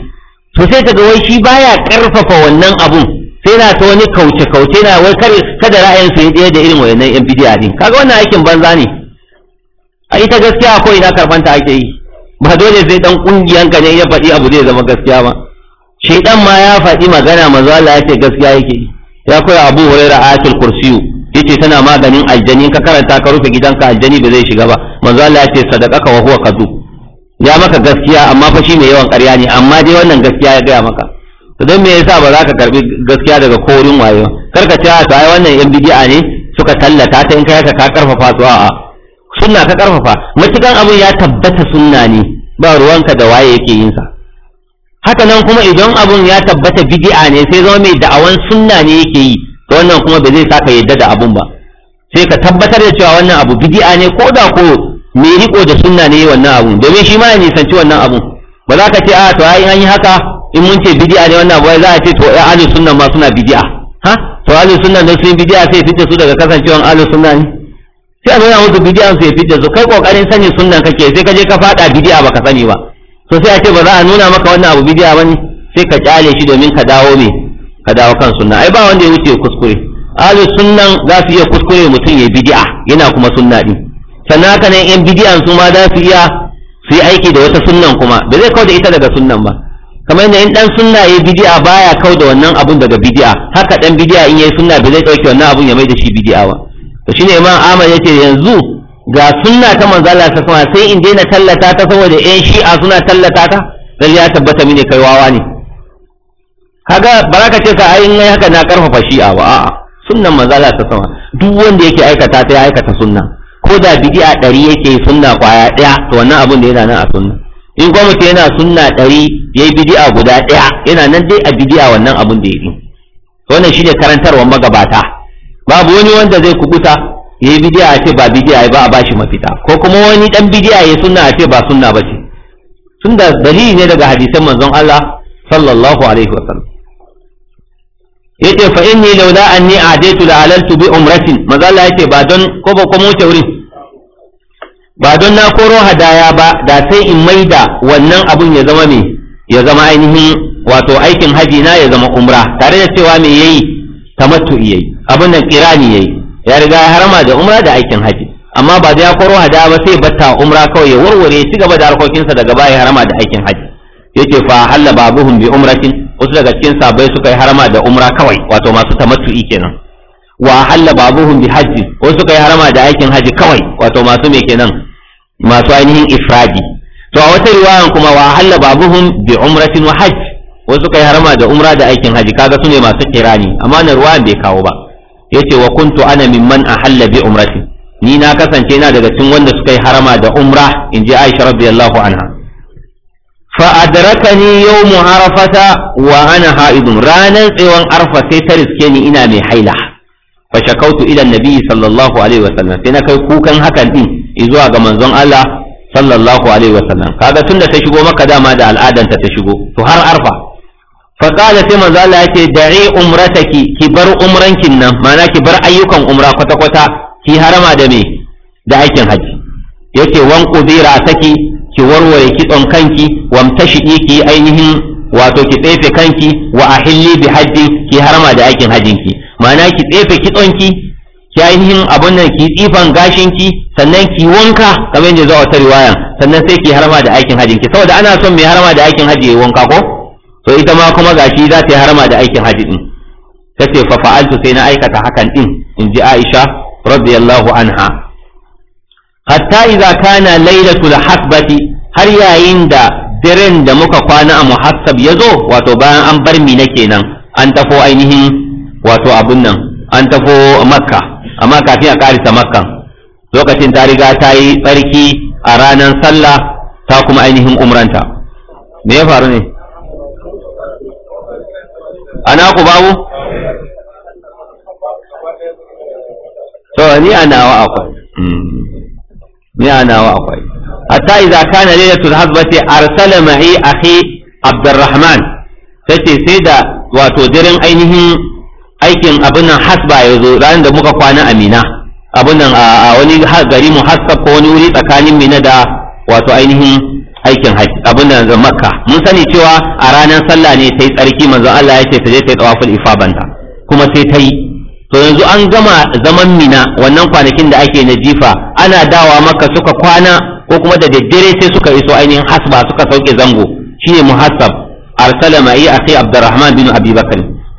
to sai kaga wai shi baya karfafa wannan abun sai na ta wani kauce kauce na wai kar kada ra'ayin su ɗaya da irin wayannan yan bidiya din kaga wannan aikin banza ne a ita gaskiya ko ina karfanta ake yi ba dole sai dan ka ne ya faɗi abu zai zama gaskiya ba shaidan ma ya faɗi magana manzo Allah ya ce gaskiya yake ya koya Abu Hurairah ayatul kursiyu yace tana maganin aljani ka karanta ka rufe gidanka aljani ba zai shiga ba manzo Allah ya ce sadaqaka wa huwa kadu. ya maka gaskiya amma fa shi mai yawan ƙarya ne amma dai wannan gaskiya ya gaya maka to dan me yasa ba za ka karbi gaskiya daga korin waye kar ka ce ah, to ai wannan yan bid'a ne suka tallata ta in kai ka karfafa su a'a sunna ka karfafa mutukan abun ya tabbata sunna ne ba ruwanka da waye yake yin sa haka nan kuma idan abun ya tabbata bid'a ne sai zama mai da'awan sunna ne yake yi to wannan kuma ba zai saka yadda da abun ba sai ka tabbatar da cewa wannan abu bid'a ne ko da ko mai riko da sunna ne wannan abun domin shi ma ya nisanci wannan abun ba za ka ce a ah, to ai an yi haka in mun ce bid'a ne wannan abu za a ce to ya ahli sunna ma suna bid'a ha to ahli sunna ne sun bid'a sai fitta su daga kasancewan ahli sunna ne sai a nuna musu bid'a su ya fitta su kai kokarin sanin sunnan kake sai ka je ka fada ba baka sani ba to sai a ce ba za a nuna maka wannan abu bid'a bane sai ka kyale shi domin ka dawo me ka dawo kan sunna ai ba wanda ya wuce kuskure ahli sunnan za su iya kuskure mutum ya bid'a yana kuma sunna din sannan haka ne yan bidiyan su ma za su iya su yi aiki da wata sunnan kuma ba zai kawo da ita daga sunnan ba kamar yadda in dan sunna yayi bid'a baya kau da wannan abun daga bid'a haka dan bid'a in yayi sunna ba zai dauke wannan abun ya mai da shi bid'a ba to shine imam Ahmad yace yanzu ga sunna ta manzo Allah ta sama sai in daina tallata ta saboda yan shi'a suna tallata ta dan ya tabbata mini kai wawa ne kaga baraka ce ka ayin haka na karfafa shi'a ba a'a sunnan manzo Allah ta sama duk wanda yake aikata ta ya aikata sunna ko da bid'a dari yake sunna kwaya daya to wannan abun da yana nan a sunna in gwamnati yana sunna ɗari ya yi bidi'a guda ɗaya yana nan dai a bidi'a wannan abun da ya yi wannan shine karantarwar magabata babu wani wanda zai kubuta ya yi bidi'a a ce ba bidi'a ba a bashi mafita ko kuma wani ɗan bidi'a ya sunna a ce ba sunna ba ce tun da dalili ne daga hadisan manzon Allah sallallahu alaihi wa sallam yace fa inni lawla anni a'daitu la bi umratin maza Allah yace ba don ko ba ko mu wurin ba don na koro hadaya ba da sai in maida wannan abun ya zama me ya zama ainihin wato aikin haji na ya zama umra tare da cewa me yayi tamattu yayi abin nan kirani yayi ya riga ya harama da umra da aikin haji amma ba da ya koro hadaya ba sai batta umra kawai ya warware ci gaba da harkokinsa daga baya harama da aikin haji yake fa halla babuhum bi umratin wasu daga cikin sabai suka yi harama da umra kawai wato masu tamattu kenan wa halla babuhum bi hajji wasu suka yi harama da aikin haji kawai wato masu me kenan masu ainihin ifradi to a wata riwayan kuma wa halla babuhum bi umratin wa hajj wasu kai harama da umra da aikin haji kaga su ne masu kirani amma na ruwayan bai kawo ba yace wa kuntu ana mimman ahalla bi umratin ni na kasance ina daga cikin wanda suka yi harama da umra in ji Aisha radiyallahu anha fa adrakani yawmu arafata wa ana haidun ranan tsewan arfa sai ta riske ni ina mai haila fa shakautu ila nabi sallallahu alaihi wasallam sai na kai kukan hakan din zuwa ga manzon Allah sallallahu alaihi wasallam kaga tunda ta shigo maka dama da al'adanta ta shigo to har arfa fa qala sai manzo Allah yace da'i umrataki ki bar umrankin nan mana ki bar ayyukan umra kwata kwata ki harama da me da aikin haji yace wan qudira saki ki warware kitson kanki wamtashi ki ainihin wato ki tsefe kanki wa ahilli bi hajji ki harama da aikin hajjinki ma'ana ki tsefe kitsonki ki ainihin abun nan ki tsifan gashinki sannan ki wanka kamar yadda zuwa wata riwaya sannan sai ki harma da aikin hajjin ki saboda ana son mai harma da aikin hajji ya wanka ko to ita ma kuma gashi za ta yi harma da aikin hajji din tace fa fa'altu sai na aikata hakan din inji Aisha radiyallahu anha hatta idza kana lailatul hasbati har yayin da diren da muka kwana a muhassab yazo wato bayan an bar na kenan an tafo ainihin wato abun nan an tafo makka amma kafin a karisa makkan lokacin ta riga ta yi tsarki a ranar sallah ta kuma ainihin umranta me ya faru ne ana ku babu to ni a nawa akwai hmm. ni a nawa akwai hatta idza kana lailatul hazbati arsala ma'i akhi abdurrahman tace sai da wato daren ainihin aikin abin nan hasba ya zo ranar da muka kwana a mina abin nan a wani gari mu hasba ko wani wuri tsakanin mina da wato ainihin aikin haji abin nan makka mun sani cewa a ranar sallah ne ta yi tsarki manzon Allah ya ce ta je ta yi ifabanta kuma sai ta yi to yanzu an gama zaman mina wannan kwanakin da ake na jifa ana dawa maka suka kwana ko kuma da daddare sai suka iso ainihin hasba suka sauke zango shine muhassab arsala ma'i akai abdurrahman bin abi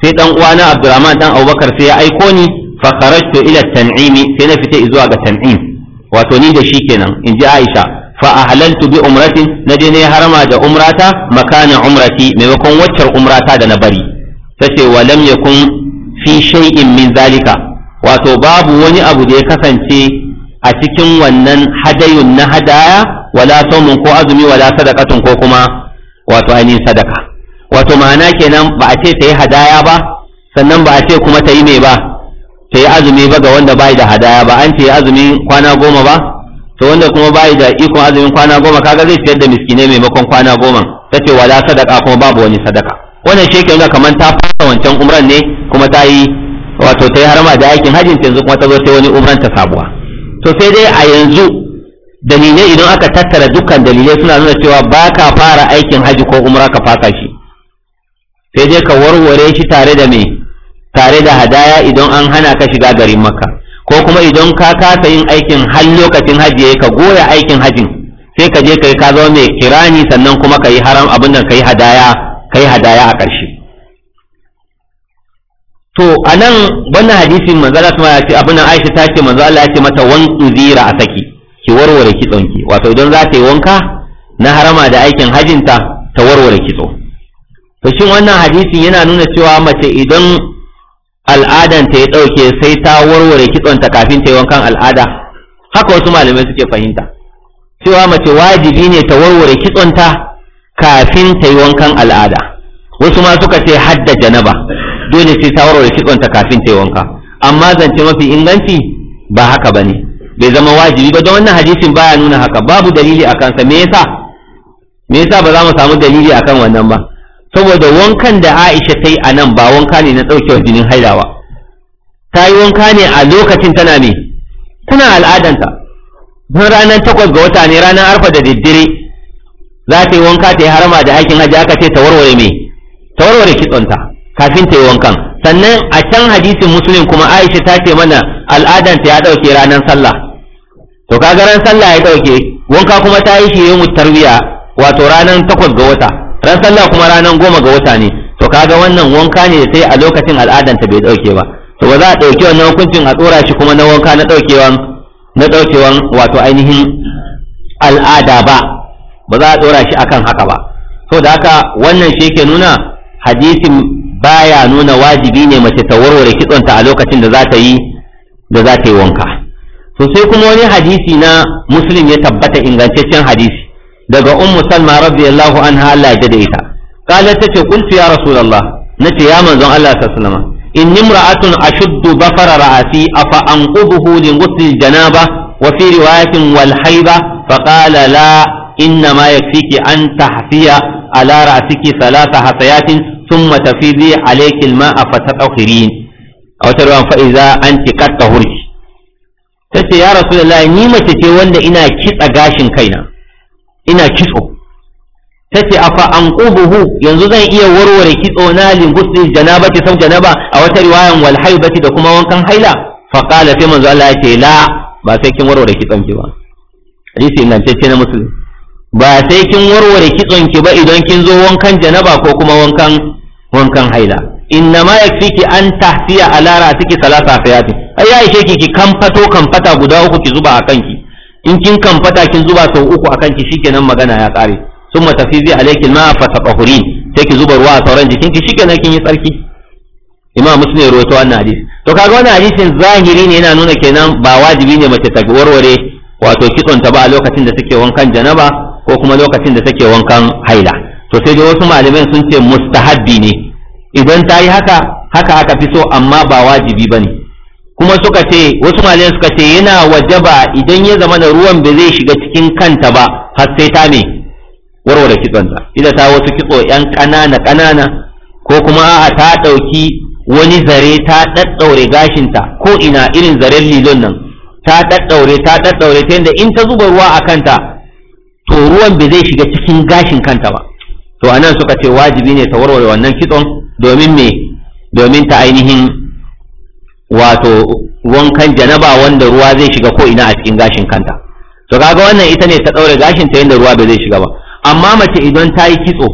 sai dan uwana Abdurrahman dan Abubakar sai ya aiko ni fa kharajtu ila tan'imi sai na fita zuwa ga tan'im wato ni da shi kenan in ji Aisha fa ahlaltu bi umrati na je ne harama da umrata makana umrati maimakon waccar umrata da na bari tace wa lam yakun fi shay'in min zalika wato babu wani abu da ya kasance a cikin wannan hadayun na hadaya wala saumun ko azumi wala sadaqatun ko kuma wato ainihin sadaka wato ma'ana kenan ba a ce ta yi hadaya ba sannan ba a ce kuma ta yi mai ba ta yi azumi ba ga wanda bai da hadaya ba an ce azumin kwana goma ba to wanda kuma bai da ikon azumin kwana goma kaga zai ciyar da mai maimakon kwana goma ta ce wala sadaka kuma babu wani sadaka wannan shi ke kamar ta fara wancan umran ne kuma ta yi wato ta yi harma da aikin hajjin yanzu kuma ta zo ta wani umran ta sabuwa to sai dai a yanzu dalilai idan aka tattara dukkan dalilai suna nuna cewa ba ka fara aikin hajji ko umra ka fasa shi sai dai ka warware shi tare da me tare da hadaya idan an hana ka shiga garin makka ko kuma idan ka kasa yin aikin har lokacin hajji ka goya aikin hajjin sai ka je kai ka zama mai kirani sannan kuma ka yi haram abin da ka yi hadaya ka hadaya a ƙarshe to a nan wannan hadisin manzo Allah ya ce abin Aisha ta ce manzo Allah ya ce mata wanzu zira a saki ki warware kitsonki wato idan za ta yi wanka na harama da aikin hajinta ta warware kitso to shin wannan hadisin yana nuna cewa mace idan al'adan ta ya ɗauke sai ta warware kitsonta kafin ta yi wankan al'ada haka wasu malamai suke fahimta cewa mace wajibi ne ta warware kitsonta kafin ta yi wankan al'ada wasu ma suka ce hadda janaba dole sai ta warware kitsonta kafin ta yi wanka amma zance mafi inganci ba haka bane bai zama wajibi ba don wannan hadisin baya nuna haka babu dalili akan sa me yasa me yasa ba za mu samu dalili akan wannan ba saboda wankan da Aisha ta yi a nan ba wanka ne na wa jinin haidawa ta yi wanka ne a lokacin tana ne tana al'adanta don ranar takwas ga wata ne ranar arfa da daddare za ta yi wanka ta yi harama da aikin hajji aka ce ta warware me ta warware kitsonta kafin ta yi wankan sannan a can hadisin musulun kuma Aisha ta ce mana al'adanta ya ɗauke ranar sallah to kaga ran sallah ya ɗauke wanka kuma ta yi shi yi tarbiya, wato ranar takwas ga wata ran sallah kuma ranar goma ga wata ne to kaga wannan wanka ne sai a lokacin al'adanta bai dauke ba to ba za a dauki wannan hukuncin a tsora shi kuma na wanka na daukewan na daukewan wato ainihin al'ada ba ba za a tsora shi akan haka ba to da haka wannan shi yake nuna hadisin baya nuna wajibi ne mace ta warware kitsonta a lokacin da za ta yi da za ta yi wanka to sai kuma wani hadisi na muslim ya tabbata ingantaccen hadisi daga ummu salma radiyallahu anha Allah ya da ita qalat tace qultu ya rasulullah nace ya manzon Allah sallallahu alaihi wasallam inni imra'atun ashuddu bafara ra'ati afa anquduhu li ghusl janaba wa fi riwayatin wal haiba fa qala la inna hasayatin ثم تفيضي عليك الماء فتطهرين أو تروان فإذا أنت قد طهرت tace ya rasulullahi ni mace ce wanda ina kitsa gashin kaina ina kitso ta ce afa an ƙubuhu yanzu zan iya warware kitso na lingusti janabati ta janaba a wata riwayan wal haibati da kuma wankan haila fa qala sai manzo Allah ya ce la ba sai kin warware kitson ki ba hadisi ingantacce na musulmi ba sai kin warware kitson ki ba idan kin zo wankan janaba ko kuma wankan wankan haila inna ma yakfiki an tahtiya ala ra'siki salasa fayatin ai ya ishe ki ki kamfato kamfata guda uku ki zuba a kanki in kin kan fata kin zuba sau uku akan ki shikenan magana ya kare sun matafi zai alaiki ma fa taqahuri sai ki zuba ruwa a sauran jikin ki shikenan kin yi tsarki imam muslim ya rawaito wannan hadisi to kaga wannan hadisin zahiri ne yana nuna kenan ba wajibi ne mace ta warware wato kitson ta ba a lokacin da take wankan janaba ko kuma lokacin da take wankan haila to sai dai wasu malamai sun ce mustahabbi ne idan ta yi haka haka aka fi so amma ba wajibi bane kuma suka ce wasu malamai suka ce yana wajaba idan ya zama da ruwan ba zai shiga cikin kanta ba har sai ta me warware kitsonta idan ta wasu kitso yan kanana kanana ko kuma a ta ɗauki wani zare ta ɗaɗɗaure gashinta ko ina irin zaren lilon nan ta ɗaɗɗaure ta ɗaɗɗaure ta yadda in ta zuba ruwa a kanta to ruwan bai zai shiga cikin gashin kanta ba to anan suka ce wajibi ne ta warware wannan kitson domin me domin ta ainihin wato wankan janaba wanda ruwa zai shiga ko ina a cikin gashin kanta to kaga wannan ita ne ta daure gashin ta yanda ruwa bai zai shiga ba amma mace idan ta yi kitso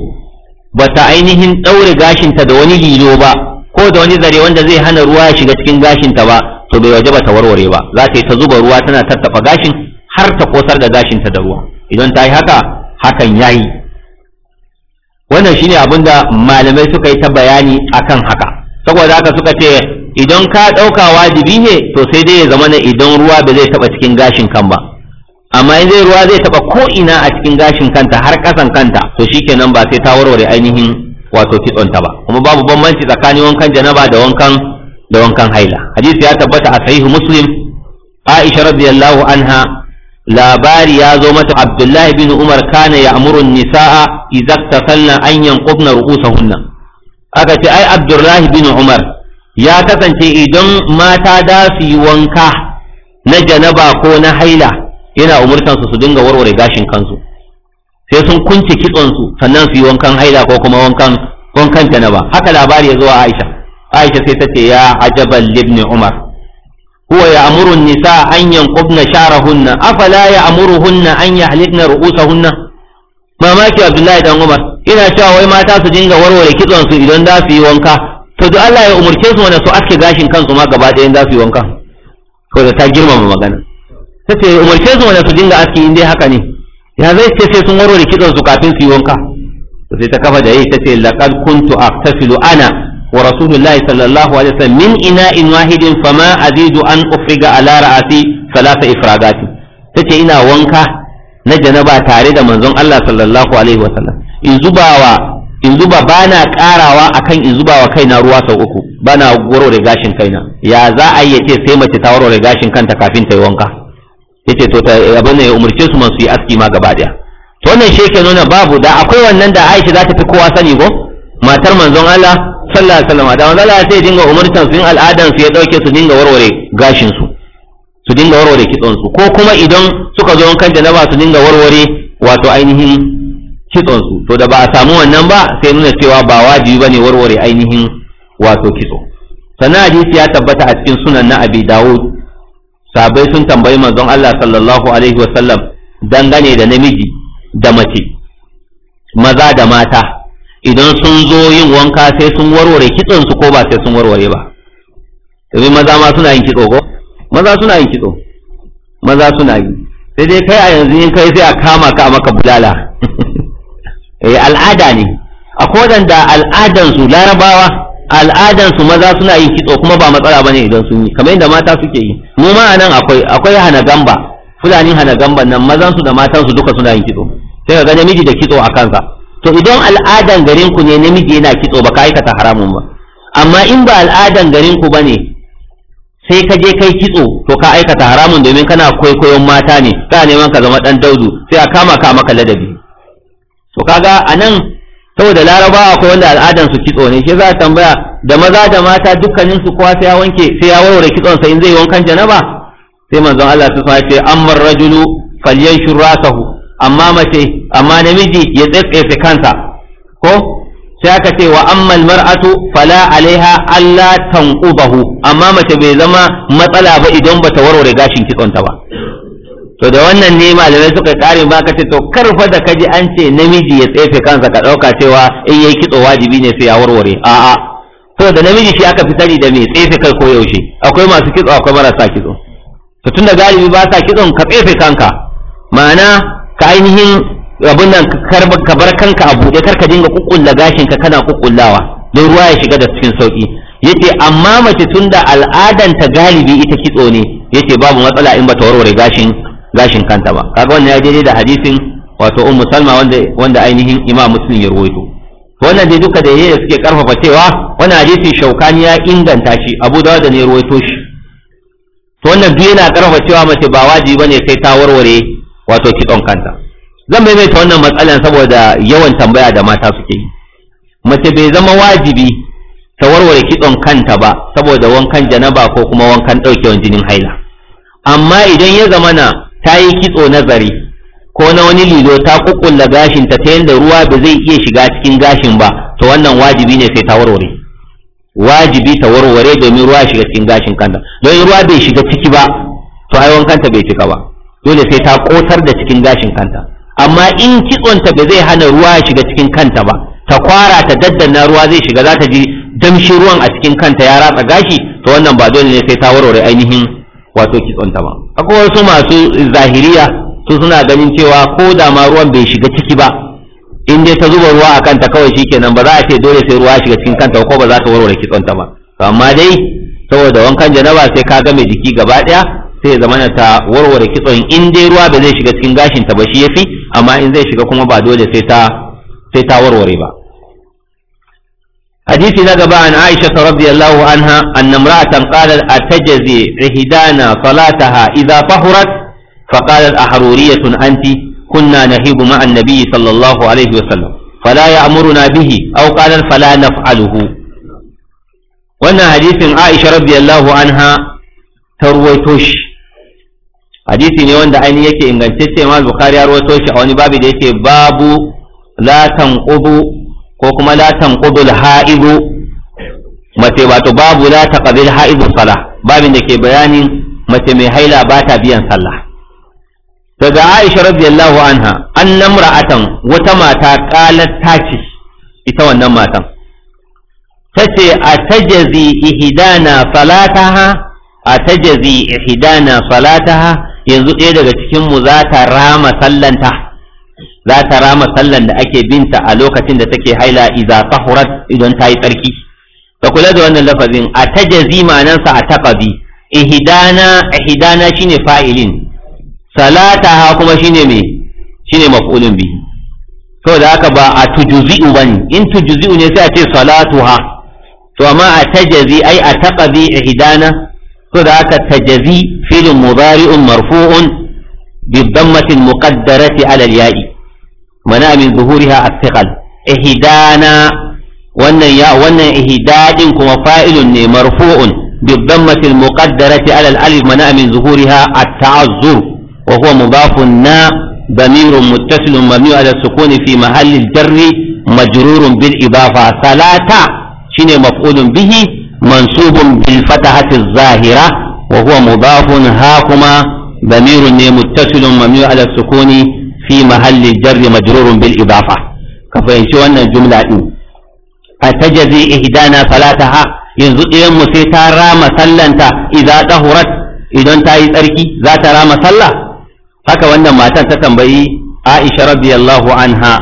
ba ta ainihin daure gashin ta da wani hilo ba ko da wani zare wanda zai hana ruwa ya shiga cikin gashin ta ba to bai waje ba ta warware ba za ta yi ta zuba ruwa tana tattafa gashin har ta kosar da gashin ta da ruwa idan ta yi haka hakan yayi wannan shine abinda malamai suka yi ta bayani akan haka saboda haka suka ce idan ka ɗauka wajibi ne to sai dai ya zama na idan ruwa ba zai taɓa cikin gashin kan ba amma in zai ruwa zai taɓa ko ina a cikin gashin kanta har ƙasan kanta to shikenan ba sai ta warware ainihin wato kitsonta ba kuma babu bambanci tsakanin wankan janaba da wankan da wankan haila hadisi ya tabbata a sahihu muslim aisha radiyallahu anha labari ya zo mata abdullahi bin umar kana ya'muru izak nisaa idza tasanna an yanqudna ru'usahunna aka ce ai abdullahi bin umar ya kasance idan mata da su yi wanka na janaba ko na haila yana umurtan su su dinga warware gashin kansu sai sun kunce kitson su sannan su yi wankan haila ko kuma wankan wankan janaba haka labari ya zo a Aisha Aisha sai ta ce ya ajaban libni Umar huwa ya'muru an-nisa an yanqubna sharahunna afala Anya an yahlidna ru'usahunna mamaki abdullahi dan umar ina cewa wai mata su dinga warware kitson su idan za su yi wanka to duk Allah ya umarce su wanda su aske gashin kansu ma gaba ɗayan za su yi wanka ko da ta girmama magana ta ce umarce su wanda su dinga aski in dai haka ne ya zai ce sai sun warware kitson su kafin su yi wanka to sai ta kafa da yayi ta ce laqad kuntu aftasilu ana wa rasulullahi sallallahu alaihi wasallam min ina ina'in wahidin fama azidu an ufriga ala ra'ati salasa ifragati tace ina wanka na janaba tare da manzon Allah sallallahu alaihi sallam in zubawa in zuba bana karawa akan in zubawa kaina ruwa sau uku bana warware gashin kaina ya za a yi ce sai mace ta warware gashin kanta kafin ta yi wanka yace to abin ya umurce su man su yi aski ma gaba daya to wannan sheke nuna babu da akwai wannan da Aisha za ta fi kowa sani ko matar manzon Allah sallallahu alaihi sallam da manzon Allah sai dinga umurtan su in al'adan su ya dauke su dinga warware gashin su su dinga warware kitson su ko kuma idan suka zo wankan janaba su dinga warware wato ainihin kitson su to da ba a samu wannan ba sai nuna cewa ba wajibi bane warware ainihin wato kitso sannan hadisi ya tabbata a cikin sunan na abi dawud sabai sun tambayi manzon Allah sallallahu alaihi wa sallam dangane da namiji da mace maza da mata idan sun zo yin wanka sai sun warware kitson su ko ba sai sun warware ba domin maza ma suna yin kitso ko maza suna yin kitso maza suna yi sai dai kai a yanzu in kai sai a kama ka a maka bulala eh al'ada ne A kodan da al'adan su larabawa al'adan su maza suna yin kitso kuma ba matsala bane idan sun yi kamar yadda mata suke yi mu ma anan akwai akwai hana gamba fulani hana nan mazan su da matan su duka suna yin kitso sai ga namiji da kitso a kansa to idan al'adan garin ku ne namiji yana kitso baka aikata haramun ba amma in ba al'adan garin ku bane sai ka je kai kitso to ka aikata haramun domin kana kwaikwayon mata ne ka neman ka zama dan daudu sai a kama ka maka ladabi to kaga anan saboda larabawa akwai wanda al'adan su kitso ne shi za tambaya da maza da mata dukkanin su kowa sai ya wanke sai ya warware kitson sa in zai wankan janaba sai manzon Allah ta ce ammar rajulu falyanshur rasahu amma mace amma namiji ya tsetsefe kansa ko sai aka ce wa ammal mar'atu fala alaiha alla tanqubahu amma mace bai zama matsala ba idan bata warware gashin kitsonta ba to da wannan ne malamai suka kare ba ka ce to karfa da kaji an ce namiji ya tsefe kansa ka dauka cewa in yayi kitso wajibi ne sai ya warware a'a to da namiji shi aka fi sani da mai tsefe kai ko yaushe akwai masu kitso akwai marasa kitso to tunda galibi ba sa kitson ka tsefe kanka ma'ana ka ainihin abin nan ka bar kanka a buɗe kar ka dinga kukkulla gashin ka kana kukkullawa don ruwa ya shiga da cikin sauki yace amma mace tunda al'adan ta galibi ita kitso ne yace babu matsala in bata warware gashin gashin kanta ba kaga wannan ya daidai da hadisin wato ummu salma wanda wanda ainihin imam muslim ya rawaito wannan dai duka da da suke karfafa cewa wannan hadisi shaukani ya inganta shi abu da da ne ruwaito shi to wannan duk yana karfafa cewa mace ba wajibi bane sai ta warware wato kitson kanta zan maimaita wannan matsalan saboda yawan tambaya da mata suke yi mace bai zama wajibi ta warware kitson kanta ba saboda wankan janaba ko kuma wankan ɗaukewan jinin haila amma idan ya zama na ta yi kitso nazari ko na wani lilo ta ƙuƙulla gashinta ta yadda ruwa ba zai iya shiga cikin gashin ba to wannan wajibi ne sai ta warware wajibi ta warware domin ruwa shiga cikin gashin kanta don ruwa bai shiga ciki ba to ai ta bai cika ba dole sai ta kotar da cikin gashin kanta amma in kitsonta ba zai hana ruwa ya shiga cikin kanta ba ta kwara ta daddana ruwa zai shiga za ta ji damshi ruwan a cikin kanta ya ratsa gashi to wannan ba dole ne sai ta warware ainihin wato kitsonta ba akwai wasu masu zahiriya su suna ganin cewa ko da ma ruwan bai shiga ciki ba in dai ta zuba ruwa a kanta kawai shikenan ba za a ce dole sai ruwa shiga cikin kanta ko ba za ta warware kitsonta ba amma dai saboda wankan janaba sai ka ga mai jiki gaba daya sai zama ta warware kitson in dai ruwa ba zai shiga cikin gashin ta ba shi yafi amma in zai shiga kuma ba dole sai ta sai ta warware ba حديث نقبة عن عائشة رضي الله عنها أن امرأة قالت أتجزي إحدانا صلاتها إذا طهرت فقالت أحرورية أنت كنا نهيب مع النبي صلى الله عليه وسلم فلا يأمرنا به أو قالت فلا نفعله wannan hadisin Aisha radiyallahu anha ta ruwaito shi hadisi ne wanda ainihin yake ingantacce ma bukari ya rawaito shi a wani babu da yake babu la tanqudu ko kuma la tanqudu al-ha'idu mace wato babu la taqbil haibu salah babin da ke bayanin mace mai haila ba ta biyan sallah daga Aisha radiyallahu anha annam ra'atan wata mata qalat ta ce ita wannan matan tace tajazi ihdana salataha atajazi ihdana salataha yanzu ɗaya daga cikin mu za ta rama sallanta za ta rama sallan da ake binta a lokacin da take haila iza tahurat idan ta yi tsarki ka kula da wannan lafazin a tajazi manansa a taqabi ihdana ihdana shine fa'ilin ha kuma shine me shine maf'ulun bi to da haka ba a tujuzi'u bane in tujuzi'u ne sai a ce salatuha to amma a tajazi ai a taqabi ihdana so da haka tajazi filin mubari'un marfu'un bidammatin muqaddarati alal ya'i mana min zuhuriha athqal ihdana wannan ya wannan ihdadin kuma fa'ilun ne marfu'un bidammatin muqaddarati alal alif mana min zuhuriha at'azzur wa huwa mudafun na ضمير متصل مبني على السكون في محل الجر مجرور بالإضافة ثلاثة شنو مفعول به mansubun bil fatahati zahira wa huwa mudafun ha kuma damirun ne muttasilun mamnu ala sukuni fi mahalli jarri majrurun bil idafa ka fahimci wannan jumla din atajazi ihdana salataha yanzu ɗayan mu sai ta rama sallanta idza tahurat idan ta yi tsarki za ta rama sallah haka wannan matan ta tambayi Aisha radiyallahu anha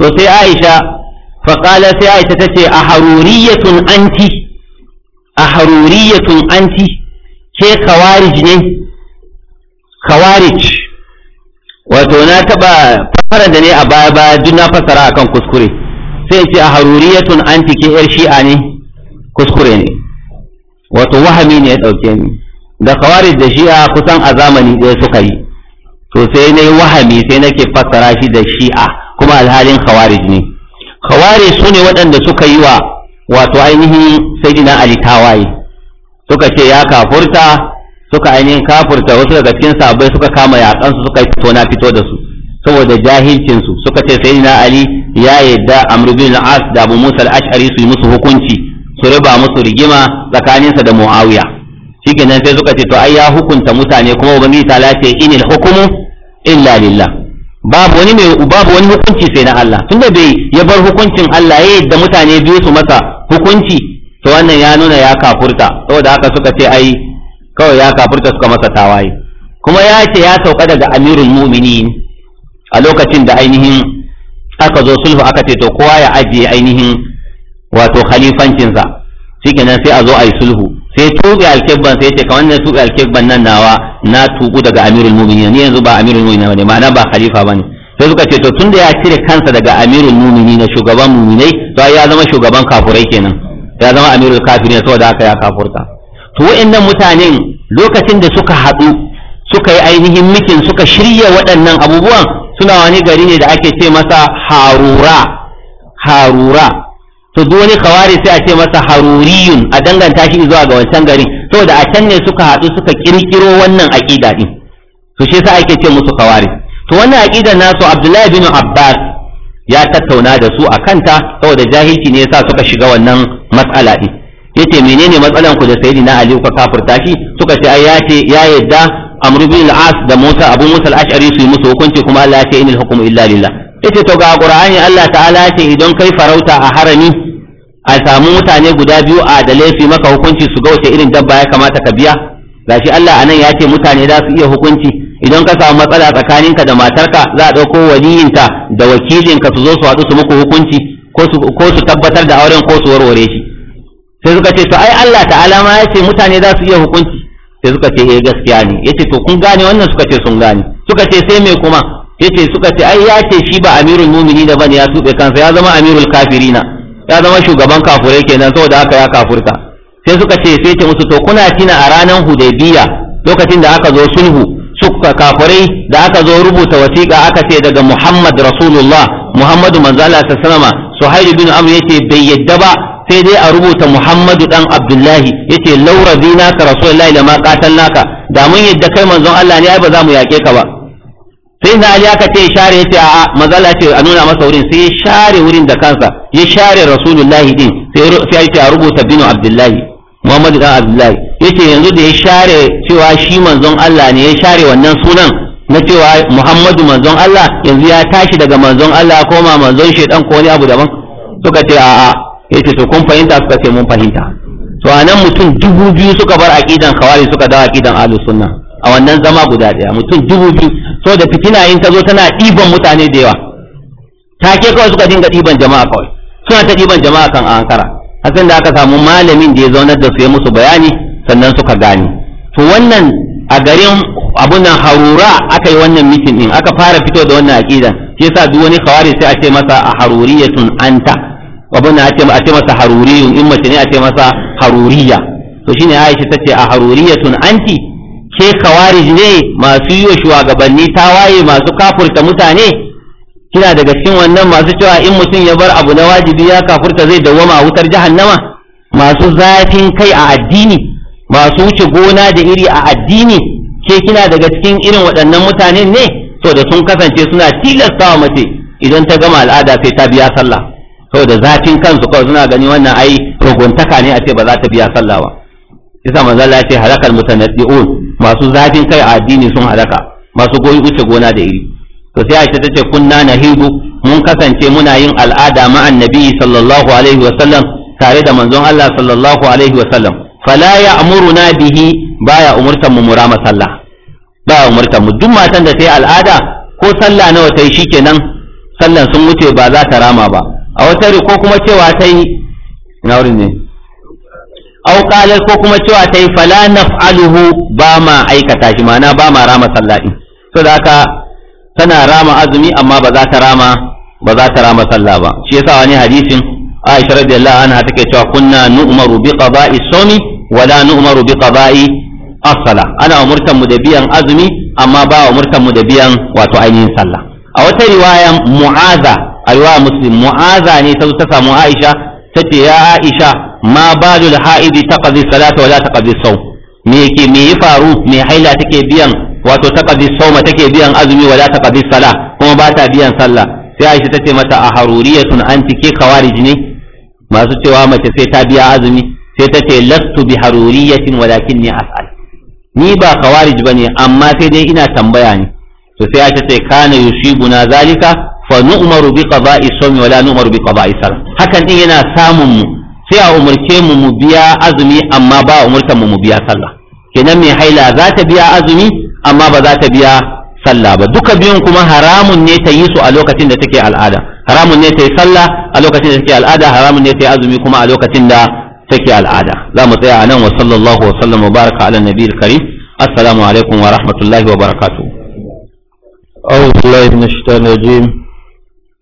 sosai Aisha fa qala sai Aisha ce a haruriyatun anti a haruriyatun anti ke kawarij ne kawarij wato na taɓa fara da ne a baya baya duk na fasara kan kuskure sai ce a haruriyatun anti ke yar shi'a ne kuskure ne wato wahami ne ya ɗauke ni da kawarij da shi'a kusan a zamani ɗaya suka yi to sai na yi wahami sai nake fasara shi da shi'a kuma alhalin kawarij ne kawarij su ne waɗanda suka yi wa wato ainihin sayyidina ali tawaye suka ce ya kafurta suka ainihin kafurta wasu daga cikin sahabbai suka kama yaƙansu suka yi fito na fito da su saboda jahilcin su suka ce sayyidina ali ya yadda amr bin al-as da abu musa al-ash'ari su yi musu hukunci su riba musu rigima tsakaninsa da muawiya shikenan sai suka ce to ai ya hukunta mutane kuma ubangiji ta lace inil hukumu illa lillah babu wani babu wani hukunci sai na Allah tunda bai ya bar hukuncin Allah ya yadda mutane biyu su masa hukunci to wannan ya nuna ya kafurta saboda haka suka ce ai kawai ya kafurta suka masa tawaye kuma ya ce ya sauka daga amirul mu'minin a lokacin da ainihin aka zo sulhu aka ce to kowa ya ajiye ainihin wato khalifancinsa shikenan sai a zo a yi sulhu sai tuɓe alkebban sai ce ka wannan tuɓe alkebban nan nawa na tuku daga amirul mu'minin ni yanzu ba amirul mu'minin ne, ma'ana ba khalifa bane sai suka ce to tun da ya cire kansa daga amirul mumini na shugaban muminai to ya zama shugaban kafurai kenan ya zama amirul ne saboda haka ya kafurta to wa'annan mutanen lokacin da suka haɗu suka yi ainihin mikin, suka shirya waɗannan abubuwan suna wani gari ne da ake ce masa harura harura to duk wani kawari sai a ce masa haruriyun a danganta shi zuwa ga wancan gari saboda a can ne suka haɗu suka kirkiro wannan aƙida din to shi yasa ake ce musu kawari to wannan aqida nasu Abdullahi bin Abbas ya tattauna da su akan ta saboda jahilci ne yasa suka shiga wannan mas'ala din yace menene matsalan ku da sayyidina Ali kuka kafirta shi suka ce ai ya ya yadda Amr bin al-As da Musa Abu Musa al-Ash'ari su yi musu hukunci kuma Allah ya ce inil hukmu illa lillah yace to ga Qur'ani Allah ta'ala ya ce idan kai farauta a harami a samu mutane guda biyu a da laifi maka hukunci su ga wace irin dabba ya kamata ka biya gashi Allah anan ya ce mutane za su iya hukunci idan ka samu matsala tsakaninka da matarka za a ɗauko waliyinta da wakilinka su zo su haɗu su muku hukunci ko su tabbatar da auren ko su warware shi sai suka ce to ai Allah ta'ala ma ya ce mutane za su iya hukunci sai suka ce eh gaskiya ne yace to kun gane wannan suka ce sun gane suka ce sai me kuma yace suka ce ai ya ce shi ba amirul da bane ya tube kansa ya zama amirul kafirina ya zama shugaban kafurai kenan saboda haka ya kafurta sai suka ce sai ce musu to kuna tina a ranar hudaybiya lokacin da aka zo sulhu suka kafirai da aka zo rubuta wasiƙa aka ce daga Muhammad Rasulullah Muhammadu manzala ta sanama Suhailu bin Amr yace bai yadda ba sai dai a rubuta Muhammadu dan Abdullahi yace laura zina zinaka Rasulullahi lama naka da mun yadda kai manzon Allah ne ai ba za mu yaƙe ka ba sai na Ali aka ce share yace a'a manzala ce a nuna masa wurin sai ya share wurin da kansa ya share Rasulullahi din sai sai ya a rubuta bin Abdullahi Muhammadu dan Abdullahi yake yanzu da ya share cewa shi manzon Allah ne ya share wannan sunan na cewa Muhammadu manzon Allah yanzu ya tashi daga manzon Allah koma manzon shedan ko wani abu daban suka ce a'a yace to kun fahimta suka ce mun fahimta to anan mutum dubu biyu suka bar aqidan kawari suka dawo aqidan ahlus sunna a wannan zama guda daya mutum dubu biyu so da fitina in ta zo tana ɗiban mutane da yawa take kawai suka dinga ɗiban jama'a kawai suna ta ɗiban jama'a kan ankara hakan da aka samu malamin da ya zaunar da su ya musu bayani sannan suka gane to wannan a garin abun nan harura aka yi wannan mitin din aka fara fito da wannan aqidan shi yasa duk wani khawari sai a ce masa a haruriyatun anta abun a ce a ce masa haruriyun in mace ne a ce masa haruriya to shine Aisha tace a haruriyatun anti ke khawarij ne masu yi wa shugabanni tawaye masu kafurta mutane kina daga cikin wannan masu cewa in mutum ya bar abu na wajibi ya kafurta zai dawwama a wutar jahannama masu zafin kai a addini masu wuce gona da iri a addini ke kina daga cikin irin waɗannan mutane ne to da sun kasance suna tilastawa mace idan ta gama al'ada sai ta biya sallah da zafin kansu kawai suna gani wannan ai ruguntaka ne a ce ba za ta biya sallah ba isa manzo Allah ya ce halakal mutanaddiun masu zafin kai a addini sun halaka masu goyi wuce gona da iri to sai Aisha tace kunna nahidu mun kasance muna yin al'ada ma annabi sallallahu alaihi wa sallam tare da manzon Allah sallallahu alaihi wa sallam fala ya amuruna bihi ba ya umurtan mu murama sallah baya umurtan mu duk matan da sai al'ada ko sallah nawa ke nan sallan sun wuce ba za ta rama ba a wata ko kuma cewa tai ina wurin ne aw qalat ko kuma cewa tai fala na naf'aluhu ba ma aikata shi mana ba ma rama sallah din to da haka tana rama azumi amma ba za ta rama ba za ta rama sallah ba shi yasa wani hadisin Aisha radiyallahu anha take cewa kunna nu'maru bi qada'i sawmi wala nu'maru bi qada'i as-sala ana umurtan mu da biyan azumi amma ba umurtan mu da biyan wato ainihin sallah a wata riwaya mu'aza a riwaya muslim mu'aza ne ta ta samu aisha tace ya aisha ma balul haidi taqdi salata wala taqdi sawm me yake me ya faru me haila take biyan wato taqdi sawma take biyan azumi wala taqdi sala kuma ba ta biyan sallah sai aisha ta ce mata a haruriyatun anti ke khawarij ne masu cewa mace sai ta biya azumi sai ta ce lastu bi haruriyatin walakin ni as'al ni ba khawarij bane amma sai dai ina tambaya ne to sai ta ce kana yusibuna zalika fa nu'maru bi qada'i sawmi wala nu'maru bi qada'i salam hakan din yana samun mu sai a umurce mu mu biya azumi amma ba umurtan mu mu biya sallah kenan mai haila za ta biya azumi amma ba za ta biya sallah ba duka biyun kuma haramun ne ta yi su a lokacin da take al'ada haramun ne ta yi sallah a lokacin da take al'ada haramun ne ta yi azumi kuma a lokacin da ke al'ada za mu tsaya a nan wa sallallahu wa sallam wa baraka ala nabiyil karim assalamu alaikum wa rahmatullahi wa barakatu! barakatuh أعوذ بالله من الشيطان الرجيم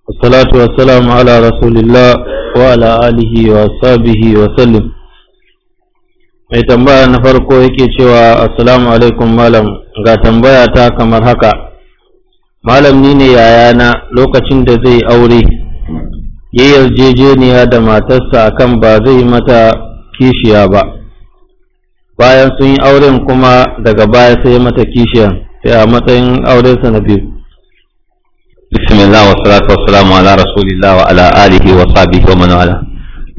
والصلاة والسلام على رسول الله wa آله wa sallim. mai tambaya na farko yake cewa assalamu alaikum malam ga tambaya ta kamar haka malam ni ne yayana lokacin da zai aure ya yarjejeniya da matarsa akan ba zai mata kishiya ba bayan sun yi auren kuma daga baya sai mata kishiyan sai a matsayin sa na biyu bismillah wa salatu wa salamu ala rasulillah wa ala alihi wa sahbihi wa man wala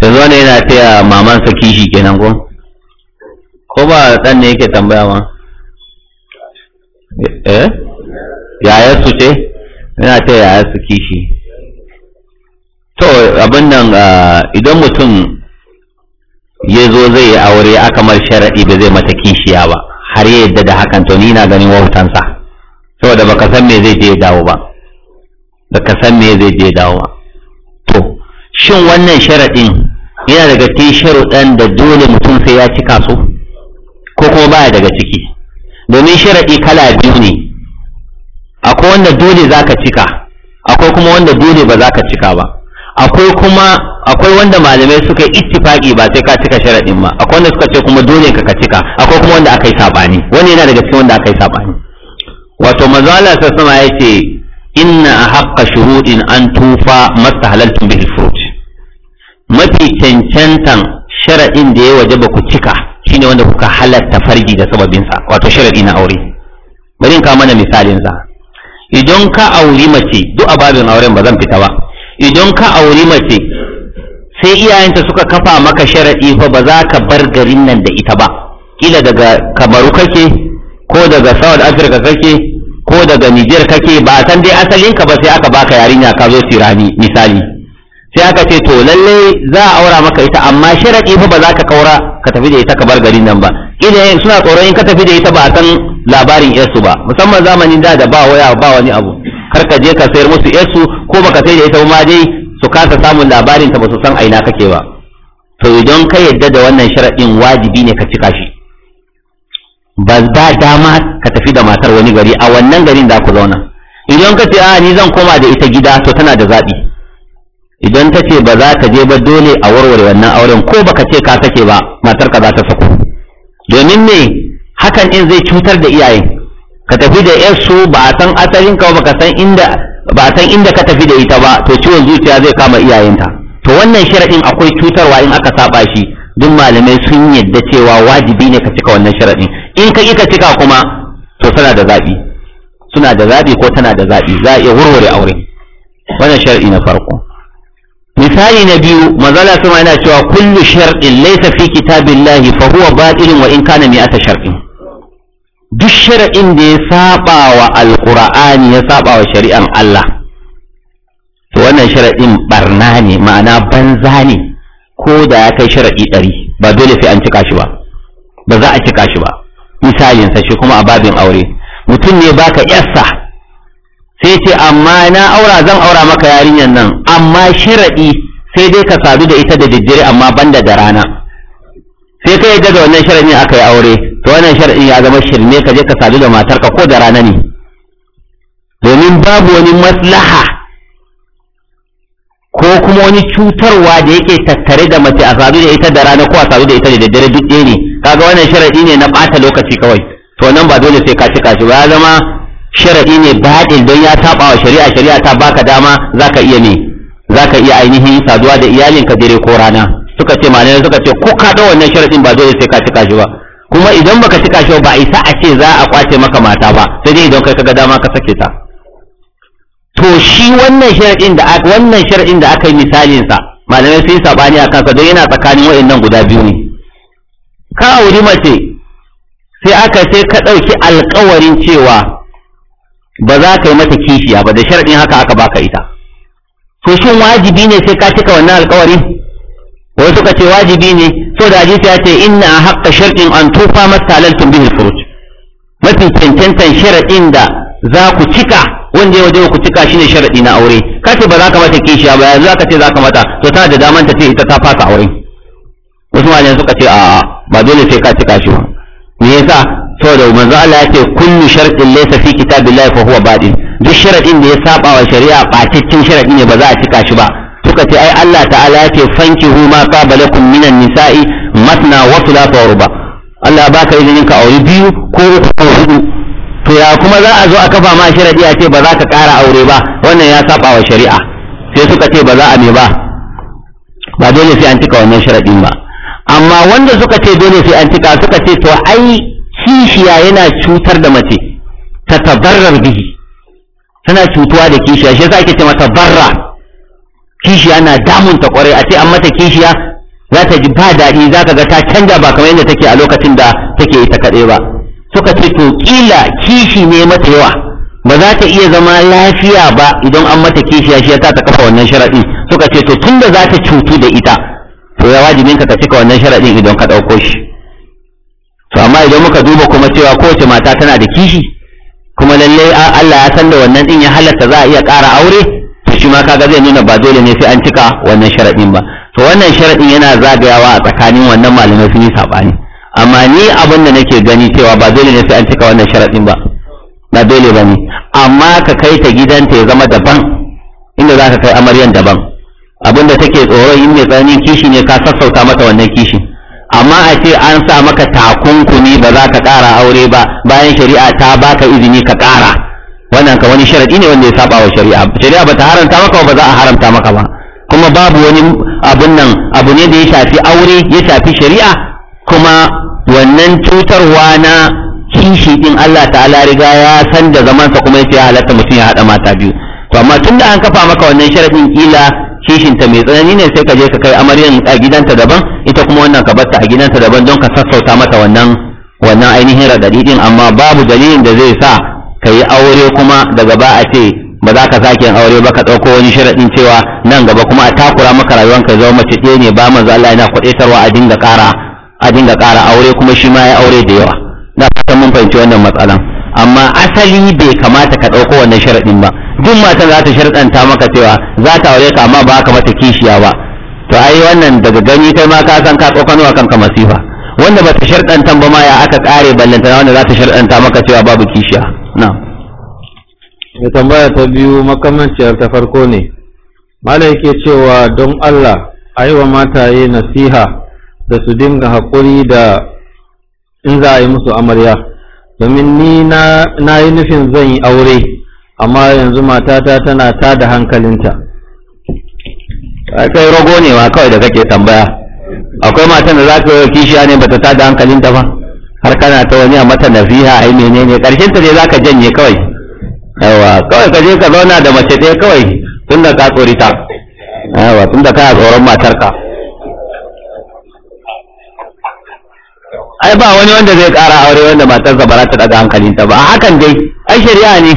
yanzu wani yana taya mamansa kishi kenan ko ko ba dan ne yake tambaya ma eh yayar su ce yana taya yayar su kishi to abin nan ah, idan mutum ya zo zai yi aure aka mar sharaɗi ba zai mata kishiya ba har ya yadda da hakan to ni na ganin wautansa saboda baka san me zai je dawo ba baka san me zai je dawo ba to shin wannan sharaɗin yana daga cikin sharuɗan da dole mutum sai ya cika su ko kuma baya daga ciki domin sharaɗi kala biyu ne akwai wanda dole zaka cika akwai kuma wanda dole ba zaka cika ba akwai kuma akwai wanda malamai suka yi ittifaki ba sai ka cika sharadin ma akwai wanda suka ce kuma dole ka cika akwai kuma wanda aka yi sabani wani yana daga cikin wanda aka sabani wato manzo Allah sama ya ce inna ahaqqa shuruɗin an tufa mastahalaltum bihi furuj mafi cancantan sharadin da ya waje ba ku cika shine wanda kuka halarta farji da sa wato sharadi na aure bari in ka mana misalin sa idan ka auri mace duk a babin auren ba zan fita ba idan ka auri mace sai iyayenta suka kafa maka sharaɗi fa ba za ka bar garin nan da ita ba kila daga kamaru kake ko daga south africa kake ko daga niger kake ba san dai asalinka ba sai aka baka yarinya ka zo tirani misali sai aka ce to lalle za a aura maka ita amma sharaɗi fa ba za ka kaura ka tafi da ita ka bar garin nan ba kila suna tsoron in ka tafi da ita ba a san labarin yarsu ba musamman zamanin da da ba waya ba wani abu kar ka je ka sayar musu yarsu ko baka sai da ita ma dai su kasa samun labarin ta ba su san aina kake ba to idan ka yadda da wannan sharaɗin wajibi ne ka cika shi ba da dama ka tafi da matar wani gari a wannan garin da ku zauna idan ka ce a ni zan koma da ita gida to tana da zabi idan ta ce ba za ka je ba dole a warware wannan auren ko baka ce ka sake ba matar ka za ta sako domin me hakan in zai cutar da iyayen ka tafi da yarsu ba a san asalin ka ba ka san inda ba a san inda ka tafi da ita ba to ciwon zuciya zai kama iyayenta to wannan sharadin akwai cutarwa in aka saba shi duk malamai sun yadda cewa wajibi ne ka cika wannan sharadin in ka ka cika kuma to tana da zabi suna da zabi ko tana da zabi za a iya wurware aure wannan sharadi na farko misali na biyu mazala sama yana cewa kullu sharɗin laysa fi kitabillahi fa huwa batilun wa in kana mi'ata sharadin duk shari'in da ya saba wa alqur'ani ya saba wa shari'an Allah to wannan shari'in barna ne ma'ana banza ne ko da ya kai shari'i ɗari ba dole sai an cika shi ba ba za a cika shi ba misalinsa shi kuma a babin aure mutum ne baka yarsa sai ce amma na aura zan aura maka yarinyar nan amma shari'i sai dai ka sadu da ita da jijjiri amma banda da rana sai ka yadda da wannan shari'in aka yi aure to wannan shar'in ya zama shirme ka je ka sadu da matarka ko da rana ne domin babu wani maslaha ko kuma wani cutarwa da yake tattare da mace a sadu da ita da rana ko a sadu da ita da daddare duk ɗaya ne kaga wannan shar'i ne na ɓata lokaci kawai to nan ba dole sai ka cika shi ba ya zama shar'i ne baɗil don ya taɓa wa shari'a shari'a ta baka dama zaka iya ne zaka iya ainihin saduwa da iyalinka dare ko rana suka ce malamai suka ce ko ka da wannan sharadin ba dole sai ka cika shi ba kuma idan baka cika shi ba isa a ce za a kwace maka mata ba sai dai idan kai kaga dama ka sake ta to shi wannan shar'in da wannan shar'in da aka yi misalin sa malamai sun sabani akan sa don yana tsakanin wayannan guda biyu ne ka auri mace sai aka sai ka dauki alƙawarin cewa ba za ka yi mata kishiya ba da shar'in haka aka baka ita to shin wajibi ne sai ka cika wannan alƙawarin wai suka wajibi ne to da hadisi ya ce inna haqqa shartin an tufa masalaltum bihi furuj mafi cancantan sharadin da za ku cika wanda ya ku cika shine sharadi na aure kace ba za ka mata kishiya ba yanzu aka ce za ka mata to ta da daman ta ce ita ta fasa aure wasu malamai suka ce a'a ba dole sai ka cika shi ba me yasa da manzo Allah ya ce kullu shartin laysa fi kitabillahi fa huwa badin duk sharadin da ya saba wa shari'a cikin sharadi ne ba za a cika shi ba suka ce ai Allah ta'ala ya ce hu ma qabalakum minan nisa'i matna wa thalatha wa ruba Allah baka izinin ka aure biyu ko uku ko hudu to ya kuma za a zo a kafa ma sharadi a ce ba za ka ƙara aure ba wannan ya saba wa shari'a sai suka ce ba za a ne ba ba dole sai an cika wannan sharadin ba amma wanda suka ce dole sai an cika suka ce to ai kishiya yana cutar da mace ta tabarrar bihi tana cutuwa da kishiya shi yasa ake ce mata barra kishiya na damunta kwarai a ce an mata kishiya za ta ji ba daɗi za ka ga ta canja ba kamar yadda take a lokacin da take ita kaɗai ba suka ce to kila kishi ne mata yawa ba za ta iya zama lafiya ba idan an mata kishiya shi ta ta kafa wannan sharaɗin suka ce to tunda za ta cutu da ita to ya wajibin ka ta cika wannan sharaɗin idan ka ɗauko shi to amma idan muka duba kuma cewa kowace mata tana da kishi kuma lallai Allah ya san da wannan din ya halarta za a iya ƙara aure shi ma kaga zai nuna ba dole ne sai an cika wannan sharadin ba to wannan sharadin yana zagayawa a tsakanin wannan malamai sun yi sabani amma ni abin da nake gani cewa ba dole ne sai an cika wannan sharadin ba ba dole ba ne amma ka kai ta gidanta ya zama daban inda za ka kai amaryan daban abin da take tsoro in mai tsananin kishi ne ka sassauta mata wannan kishi amma a ce an sa maka takunkumi ba za ka ƙara aure ba bayan shari'a ta baka izini ka ƙara wannan ka wani sharadi ne wanda ya saba wa shari'a shari'a bata haramta maka ba za a haramta maka ba kuma babu wani abun nan abu ne da ya shafi aure ya shafi shari'a kuma wannan cutarwa na kishi din Allah ta'ala riga ya san da zamansa kuma ya halatta mutum ya hada mata biyu to amma tunda an kafa maka wannan sharadin kila ta mai tsanani ne sai ka je ka kai amaryan a gidanta daban ita kuma wannan ka ta a gidanta daban don ka sassauta mata wannan wannan ainihin radadi din amma babu dalilin da zai sa ka yi aure kuma daga ba a ce ba za ka sake aure ba ka ɗauko wani sharaɗin cewa nan gaba kuma a takura maka rayuwar ka zama mace ɗaya ne ba manzo Allah yana a dinga ƙara a dinga ƙara aure kuma shi ma ya aure da yawa na fatan mun fahimci wannan matsalan amma asali bai kamata ka ɗauko wannan sharaɗin ba duk matan za ta sharɗanta maka cewa za ta aure ka amma ba ka mata kishiya ba to ai wannan daga gani kai ma ka san ka tsokano a kanka masifa wanda ba ta sharɗanta ba ma ya aka ƙare ballantana wanda za ta sharɗanta maka cewa babu kishiya na ya tambaya ta biyu makamanciyar ta farko ne mala yake cewa don Allah a yi wa mataye nasiha da su dinga haƙuri da in za a yi musu amarya domin ni na yi nufin zan yi aure amma yanzu matata tana ta da hankalinta kai rago ne ma kawai da kake tambaya akwai matan da za ka yi kishiya ne bata ta da hankalinta ba har kana ta wani a mata nasiha ai menene karshen ta dai zaka janye kawai yawa kawai ka je ka zauna da mace ɗaya kawai tunda ka ta yawa tunda kana tsoron matarka ai ba wani wanda zai ƙara aure wanda matarsa ba za ta daga hankalinta ba a hakan dai ai shari'a ne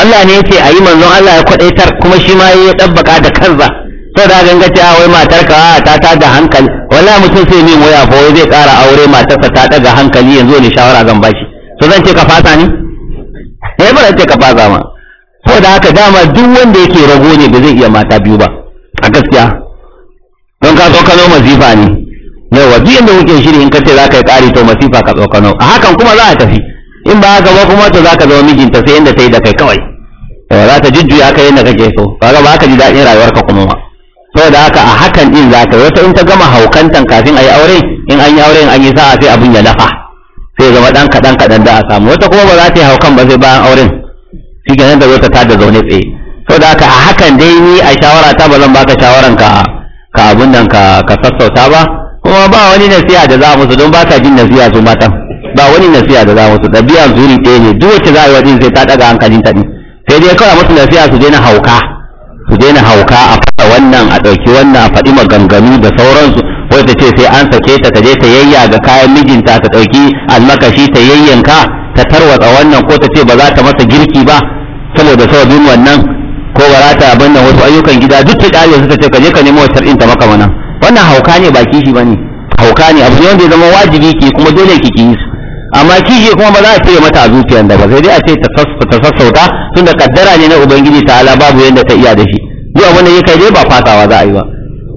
Allah ne yake a yi manzon Allah ya kwaɗaitar kuma shi ma ya ɗabbaka da kansa to da ganga ce a ah, wai matar ka ah, ta ta da hankali wallahi mutum sai ne waya fa wai zai ƙara aure matarsa ta daga hankali yanzu ne shawara zan bashi to zan ce ka fasa ni? eh ba zan ce ka fasa ma to da haka dama duk wanda yake rago ne ba zai iya mata biyu ba a gaskiya don ka tsokano masifa ne yawa duk yadda kuke shiri in ka ce za ka yi ƙari to masifa ka tsokano a hakan kuma za a tafi in ba haka ba kuma to za ka zama mijinta sai yadda ta yi da kai kawai za ta jujjuya ka yadda kake so kaga ba ka ji daɗin rayuwarka kuma ba to da haka a hakan din za ta wata in ta gama haukantan kafin a yi aure in an yi aure in an yi sa'a sai abin ya lafa sai zama dan kaɗan kaɗan da a samu wata kuma ba za ta yi haukan ba sai bayan auren shi kenan da wata ta da zaune tsaye to da haka a hakan dai ni a shawara ta ba zan baka shawaran ka ka abun nan ka ka sassauta ba kuma ba wani nasiha da za musu don ba jin nasiha su matan ba wani nasiha da za musu ɗabi'a zuri ɗaya ne duk wacce za a yi wajen sai ta ɗaga hankalin ta ɗin sai dai kawai musu nasiha su je na hauka su daina hauka a fada wannan a ɗauki wannan a faɗi maganganu da sauransu wai ta ce sai an sake ta ta je ta yayya ga kayan mijinta ta ɗauki almakashi ta yayyanka ta tarwatsa wannan ko ta ce ba za ta masa girki ba saboda sababin wannan ko ba za ta abin nan wasu ayyukan gida duk ta ƙare su ta ce ka je ka nemo wata ta maka mana wannan hauka ne ba kishi ba ne hauka ne abu ne wanda ya zama wajibi ki kuma dole ki ki yi su amma kishi kuma ba za a ce mata a zuciyar da ba sai dai a ce ta sassauta tun da kaddara ne na ubangiji ta ala babu yadda ta iya da shi duk abin da kai dai ba fatawa za a yi ba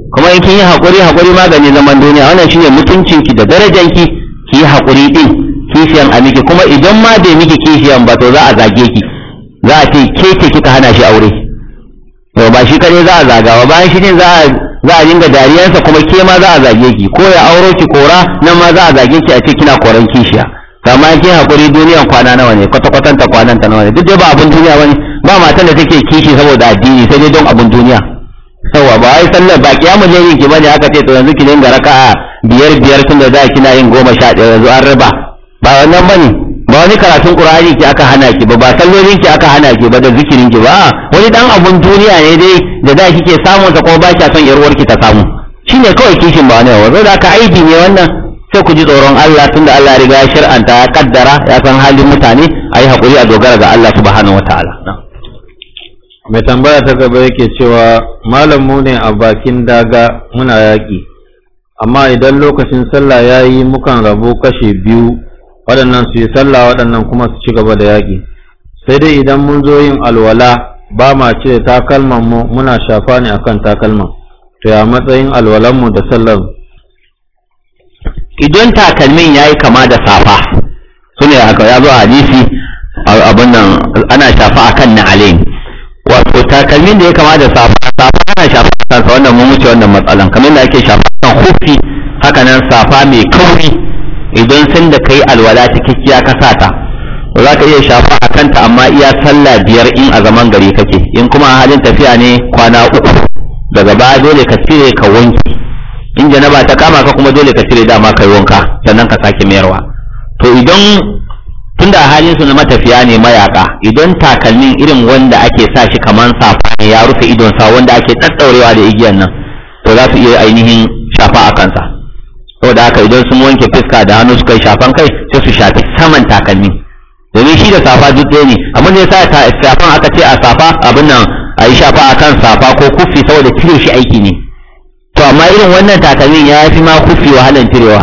kuma in kin yi hakuri hakuri magani zaman duniya wannan shine mutuncin ki da darajar ki ki yi hakuri din kishiyan a miki kuma idan ma bai miki kishiyan ba to za a zage ki za a ce ke ce kika hana shi aure to ba shi kare za a zagawa bayan shi ne za a za a dinga dariyansa kuma ke ma za a zage ki ko ya auro ki kora nan ma za a zage ki a ce kina koran kishiya kama yake hakuri duniyan kwana nawa ne kwata kwatan ta kwanan ta nawa ne duk da ba abun duniya bane ba matan da take kishi saboda addini sai dai don abun duniya sawa ba wai sallar ba kiyamul layli ki bane aka ce to yanzu ki dinga raka'a biyar biyar tun da za kina yin goma sha ɗaya yanzu an riba. ba wannan bane ba wani karatun qur'ani ki aka hana ki ba ba sallolin ki aka hana ki ba da zikirin ki ba wani dan abun duniya ne dai da za kike samun ta ko ba kya son yar ki ta samu shine kawai kishin ba wani ba da ka aibi ne wannan sai ku ji tsoron Allah tunda Allah ya riga ya shar'anta ya kaddara ya san halin mutane a yi haƙuri a dogara ga Allah subhanahu wataala mai tambaya ta gaba yake cewa malam mu ne a bakin daga muna yaƙi amma idan lokacin sallah ya yi mukan rabu kashe biyu waɗannan su yi sallah waɗannan kuma su ci gaba da yaƙi sai dai idan mun zo yin alwala ba ma cire takalman mu muna shafa ne akan takalman to ya matsayin alwalan mu da sallar idan takalmin ya yi kama da safa su ne haka ya zo a hadisi abin nan ana shafa a kan na'alin wato takalmin da ya kama da safa safa ana shafa a kansa wannan mun wuce wannan matsalan kamar da ake shafa kan hufi haka nan safa mai kauri idan sun da kai alwala cikakkiya ka sa ta za ka iya shafa a kanta amma iya sallah biyar in a zaman gari kake in kuma halin tafiya ne kwana uku daga baya dole ka cire ka wanke in janaba ta kama ka kuma dole ka cire dama kai wanka sannan ka sake mayarwa to idan tunda halin su na matafiya ne mayaka idan takalmin irin wanda ake sa shi kaman safa ne ya rufe idon sa wanda ake tsattsaurewa da igiyan nan to za su iya ainihin shafa a kansa saboda haka idan sun wanke fuska da hannu suka shafan kai sai su shafi saman takalmi domin shi da safa duk ɗaya ne amma ne sa safan aka ce a safa abin nan a yi shafa akan safa ko kufi saboda cire shi aiki ne to amma irin wannan takalmin ya fi ma kufi wahalan cirewa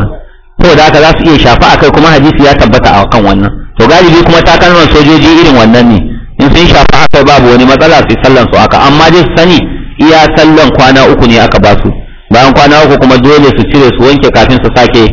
saboda haka za su iya shafa a kai kuma hadisi ya tabbata a kan wannan to galibi kuma takalman sojoji irin wannan ne in sun shafa a kai babu wani matsala su sallan su haka amma dai su sani iya sallan kwana uku ne aka ba su bayan kwana uku kuma dole su cire su wanke kafin su sake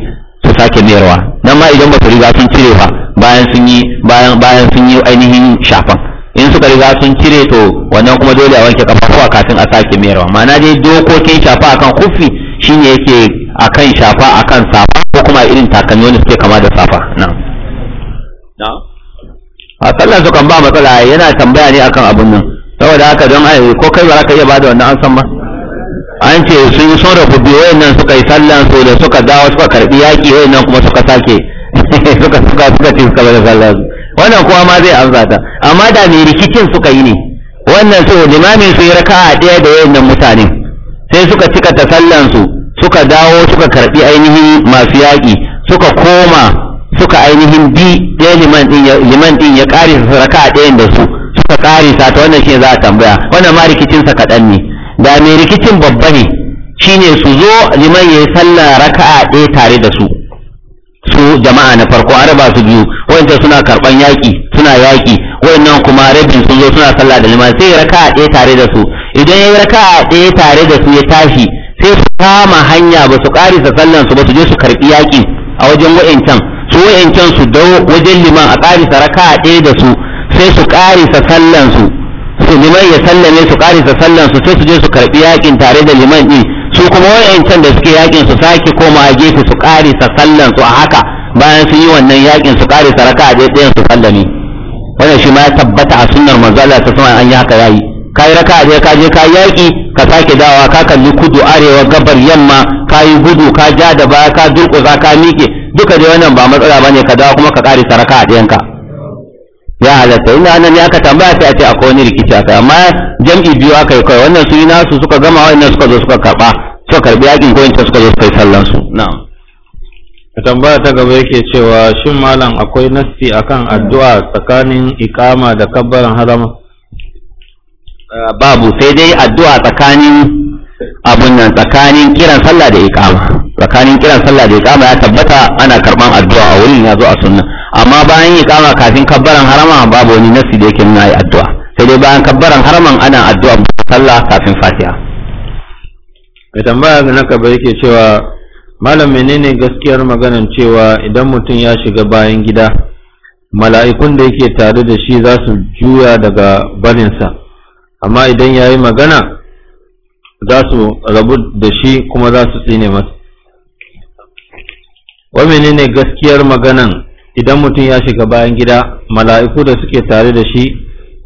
su sake mayarwa nan ma idan ba su riga sun cire ba bayan sun yi bayan sun yi ainihin shafan in suka riga sun cire to wannan kuma dole a wanke kafafuwa kafin a sake mayarwa ma'ana dai dokokin shafa akan kufi shine yake akan shafa akan safa ko kuma irin takalmi wanda suke kama da safa nan. na a sallan su kan ba matsala yana tambaya ne akan abun nan saboda haka don ai ko kai ba za ka iya bada wannan an san ba an ce sun yi sun rabu biyu wayannan suka yi sallan su da suka dawo suka karbi yaki wayannan kuma suka sake suka suka suka ci suka bada sallan su wannan kuwa ma zai amsa ta amma da mai rikicin suka yi ne wannan su limamin su yi raka'a ɗaya da wayannan mutane sai suka cika ta sallan su suka dawo suka karbi ainihin masu yaki suka koma suka ainihin bi ɗaya liman ɗin ya liman ɗin ya ƙarisa raka'a ɗayan da su suka sa ta wannan shi za a tambaya wannan ma rikicin sa kaɗan ne da mai rikicin babba ne shine su zo liman ya yi sallah raka'a ɗaya tare da su su jama'a na farko an raba su biyu wanda suna karban yaki suna yaki wayannan kuma rabin sun zo suna sallah da liman sai raka'a ɗaya tare da su idan ya raka'a ɗaya tare da su ya tashi sai su kama hanya ba su karisa sallan su ba su je su karbi yaki a wajen wayancan su wayancan su dawo wajen liman a karisa raka'a ɗaya da su sai su karisa sallan su su liman ya sallame su karisa sallan su sai su je su karbi yakin tare da liman din su kuma wa'yancan da suke yakin su sake koma gefe su kare sa sallan su a haka bayan sun yi wannan yakin su kare sa raka'a ɗaya ɗayan su sallame wannan shi ma ya tabbata a sunnar manzo Allah ta sama an yi haka yayi kai raka'a ɗaya ka je ka yaki ka sake dawa ka kalli kudu arewa gabar yamma ka yi gudu ka ja da baya ka durƙusa ka miƙe duka dai wannan ba matsala bane ka dawo kuma ka kare sa raka'a ɗayan ka ya halatta inda anan ne aka tambaya sai a ce akwai wani rikici aka amma jam'i biyu aka yi kawai wannan su yi nasu suka gama wannan suka zo suka karɓa suka karbi yakin ko wancan suka zo suka yi sallan su na'am tambaya ta gaba yake cewa shin malam akwai nasi akan addu'a tsakanin ikama da kabbaran harama eh, babu sai dai addu'a tsakanin abun nan tsakanin kiran sallah da ikama tsakanin kiran sallah da kama ya tabbata ana karban addu'a a wurin ya zo a sunna amma bayan kama kafin kabbaran harama babu wani nasi da yake nuna yi addu'a sai dai bayan kabbaran haraman ana addu'a sallah kafin fatiha mai tambaya na bai yake cewa malam menene gaskiyar maganan cewa idan mutum ya shiga bayan gida mala'ikun da yake tare da shi za su juya daga barinsa amma idan ya yi magana za su rabu da shi kuma za su tsine masa wa menene gaskiyar maganan idan mutum ya shiga bayan gida mala'iku da suke tare da shi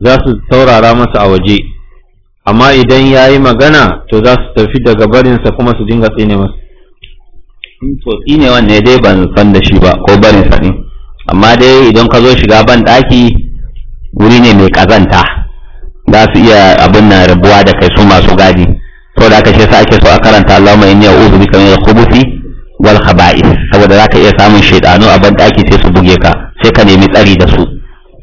za su saurara masa a waje amma idan ya yi magana to za su tafi daga barinsa kuma su dinga tsine masa to tsine wanne dai ban san da shi ba ko barinsa ne amma dai idan ka zo shiga ban ɗaki wuri ne mai kazanta za su iya abin na rabuwa da kai su masu gadi da aka shi sa ake so a karanta Allahumma inni a'udhu bika min al-khubuthi wal khaba'is saboda zaka iya samun shaidanu a ban daki sai su buge ka sai ka nemi tsari da su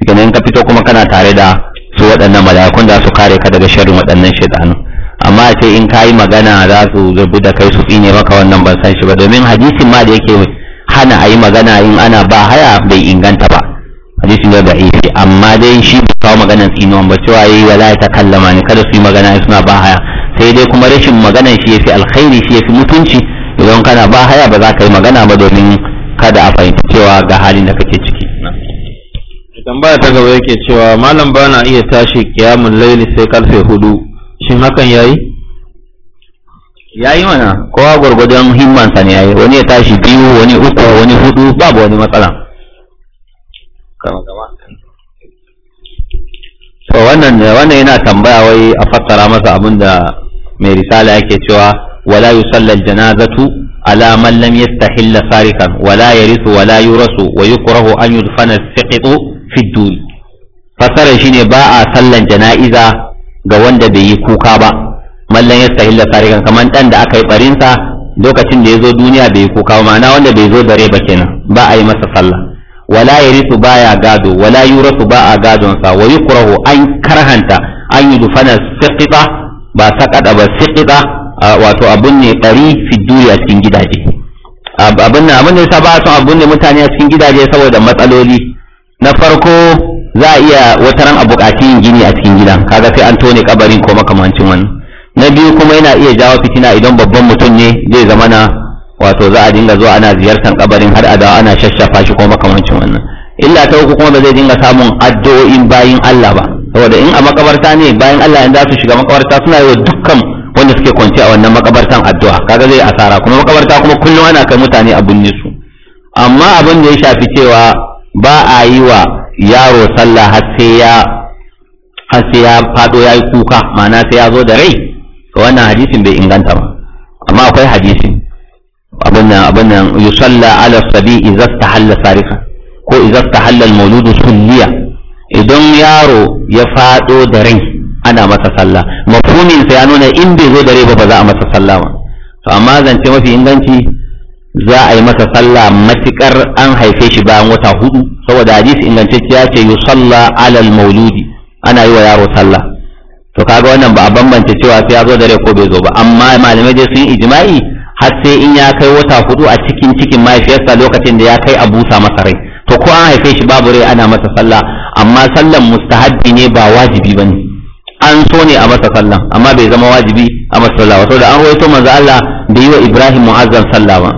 kuma in ka fito kuma kana tare da su waɗannan mala'ikun da su kare ka daga sharrin waɗannan shaidanu amma sai in kayi magana za su zubi da kai su tsine maka wannan ban san shi ba domin hadisin ma da yake hana a yi magana in ana ba haya bai inganta ba hadisin da da'ifi amma dai shi ba kawo maganar tsinuwan ba cewa yi wala ta kallama ne kada su yi magana suna ba haya sai dai kuma rashin maganar shi fi alkhairi shi yafi mutunci idan kana ba haya ba za ka yi magana ba domin kada a fahimci cewa ga halin da kake ciki tambaya ta gaba yake cewa malam ba na iya tashi kiyamun laili sai karfe hudu shin hakan yayi yayi mana kowa gwargwadon himmansa ne yayi wani ya tashi biyu wani uku wani hudu babu wani matsala to wannan wannan yana tambaya wai a fassara masa abin da mai risala yake cewa ولا يصلى الجنازة على من لم يستحل صارخا ولا يرث ولا يورث ويكره أن يدفن السقط في الدور فصار شيني باء صلى جنائزة قوان دبي كوكابا من لم يستحل صارخا كمان تند أكي برينسا lokacin da ya zo duniya bai kuka ma'ana wanda bai zo dare ba kenan ba a yi masa sallah wala yarisu baya gado wala yurasu ba a gadonsa wa yukrahu an karhanta an yi ba saqada ba wato abun ne ɗari fiduri a cikin gidaje abin nan abin ne sa ba son abun ne mutane a cikin gidaje saboda matsaloli na farko za a iya wata ran a buƙaci yin gini a cikin gidan kaga sai an tone kabarin ko makamancin wannan na biyu kuma yana iya jawo fitina idan babban mutum ne zai zama na wato za a dinga zuwa ana ziyartar kabarin har a dawo ana shashafa shi ko makamancin wannan illa ta uku kuma ba zai dinga samun addu'o'in bayin Allah ba saboda in a makabarta ne bayan Allah in za su shiga makabarta suna yi wa dukkan wanda suke kwance a wannan makabartan addu'a kaga zai asara kuma makabarta kuma kullum ana kai mutane a binne su amma abin da ya shafi cewa ba a yi wa yaro sallah har sai ya har sai ya fado yayi kuka ma'ana sai ya zo da rai to wannan hadisin bai inganta ba amma akwai hadisin abin nan abin nan yusalla ala sabi idza tahalla sarika ko idza tahalla al-mawlud sulliya idan yaro ya fado da rai ana masa sallah mafhumin sa ya nuna in bai zo da rai ba ba za a masa sallah ba to amma zance mafi inganci za a yi masa sallah matikar an haife shi bayan wata hudu saboda hadisi ingantacciya ce yusalla alal mauludi ana yi wa yaro sallah to kaga wannan ba a bambance cewa sai ya zo da rai ko bai zo ba amma malamai dai sun yi ijma'i har sai in ya kai wata hudu a cikin cikin mahaifiyarsa lokacin da ya kai a busa masa rai to ko an haife shi babu rai ana masa sallah amma sallan mustahabbi ne ba wajibi bane an so ne a masa sallah amma bai zama wajibi a masa sallah saboda an rawaito manzo Allah da yi wa Ibrahim mu'azzan sallah ba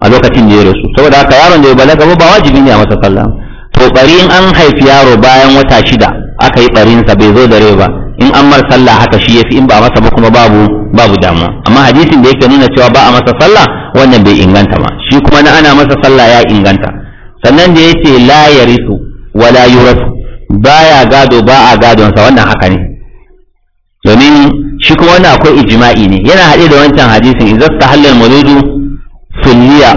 a lokacin da ya rasu saboda haka yaron da ya balaga ba wajibi ne a masa sallah to bari in an haifi yaro bayan wata shida aka yi barin sa bai zo da rai ba in an mar sallah haka shi yafi in ba masa ba kuma babu babu damuwa amma hadisin da yake nuna cewa ba a masa sallah wannan bai inganta ba shi kuma na ana masa sallah ya inganta sannan da yace la yarisu wala yurasu baya gado ba a gadonsa wannan haka ne domin shi kuma wannan akwai ijma'i ne yana haɗe da wancan hadisin idza tahallal mauludu sulliya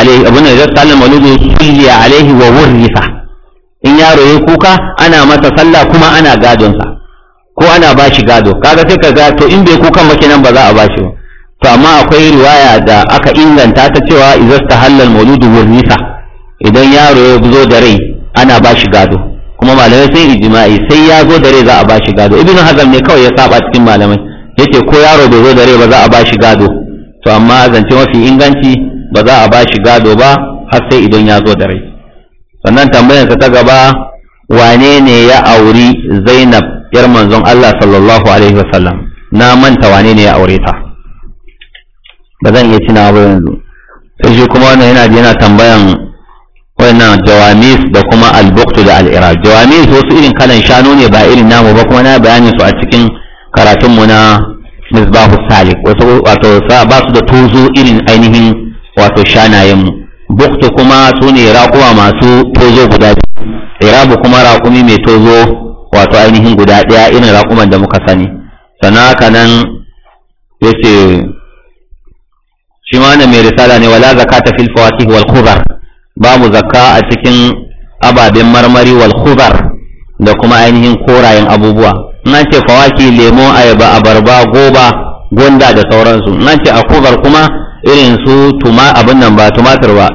alaihi abun idza tahallal mauludu sulliya alaihi wa wurrifa in yaro ya kuka ana masa sallah kuma ana gadon sa ko ana bashi gado kaga sai ka ga to in bai kukan ba kenan ba za a bashi ba to amma akwai riwaya da aka inganta ta cewa idza tahallal mauludu wurrifa idan yaro ya zo da rai ana bashi gado kuma malamai sun ijma'i sai ya zo dare rai za a bashi gado ibnu hazal ne kawai ya saba cikin malamai yace ko yaro bai zo dare ba za a bashi gado to amma zance mafi inganci ba za a bashi gado ba har sai idan ya zo dare. sannan tambayar ta gaba wane ne ya auri Zainab yar manzon Allah sallallahu alaihi wasallam na manta wane ne ya aure ta ba zan iya tunawa ba yanzu sai kuma wannan yana yana tambayan wannan jawamis da kuma albuktu da al'ira jawamis wasu irin kalan shanu ne ba irin namu ba kuma na bayanin su a cikin karatunmu na misbahu salik wasu wato ba su da tozo irin ainihin wato shanayenmu buktu kuma su ne raƙuwa masu tozo guda irabu kuma raƙumi mai tozo wato ainihin guda ɗaya irin raƙuman da muka sani sannan haka nan yace shi ma mai risala ne wala zakata fil fawakih wal khubar babu zakka a cikin ababen marmari wal khudar da kuma ainihin korayen abubuwa na ce fawaki lemo ayaba abarba goba gonda da sauransu na ce a khudar kuma irin su tuma abin nan ba tumatir ba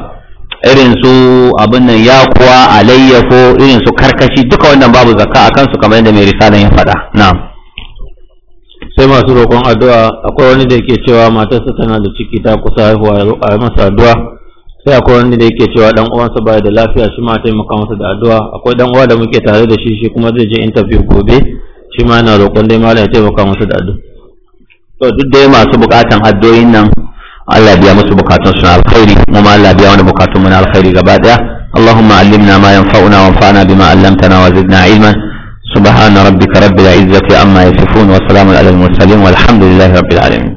irin su abin nan yakuwa alayyafo irin su karkashi duka wannan babu zakka akan su kamar yadda mai risalan ya faɗa na'am sai masu roƙon addu'a akwai wani da yake cewa matarsa tana da ciki ta kusa haihuwa a masa addu'a sai akwai wanda da yake cewa dan uwansa baya da lafiya shi ma taimaka masa da addu'a akwai dan uwa da muke tare da shi shi kuma zai je interview gobe shi ma yana roƙon dai malam ya taimaka masa da addu'a to duk dai masu bukatan addu'o'in nan Allah biya musu bukatun su na alkhairi mu ma Allah biya wani bukatun mu na alkhairi gaba daya Allahumma allimna ma yanfa'una wanfa'na bima 'allamtana wa zidna ilman subhana rabbika rabbil izzati amma yasifun wa salamun alal mursalin walhamdulillahi rabbil alamin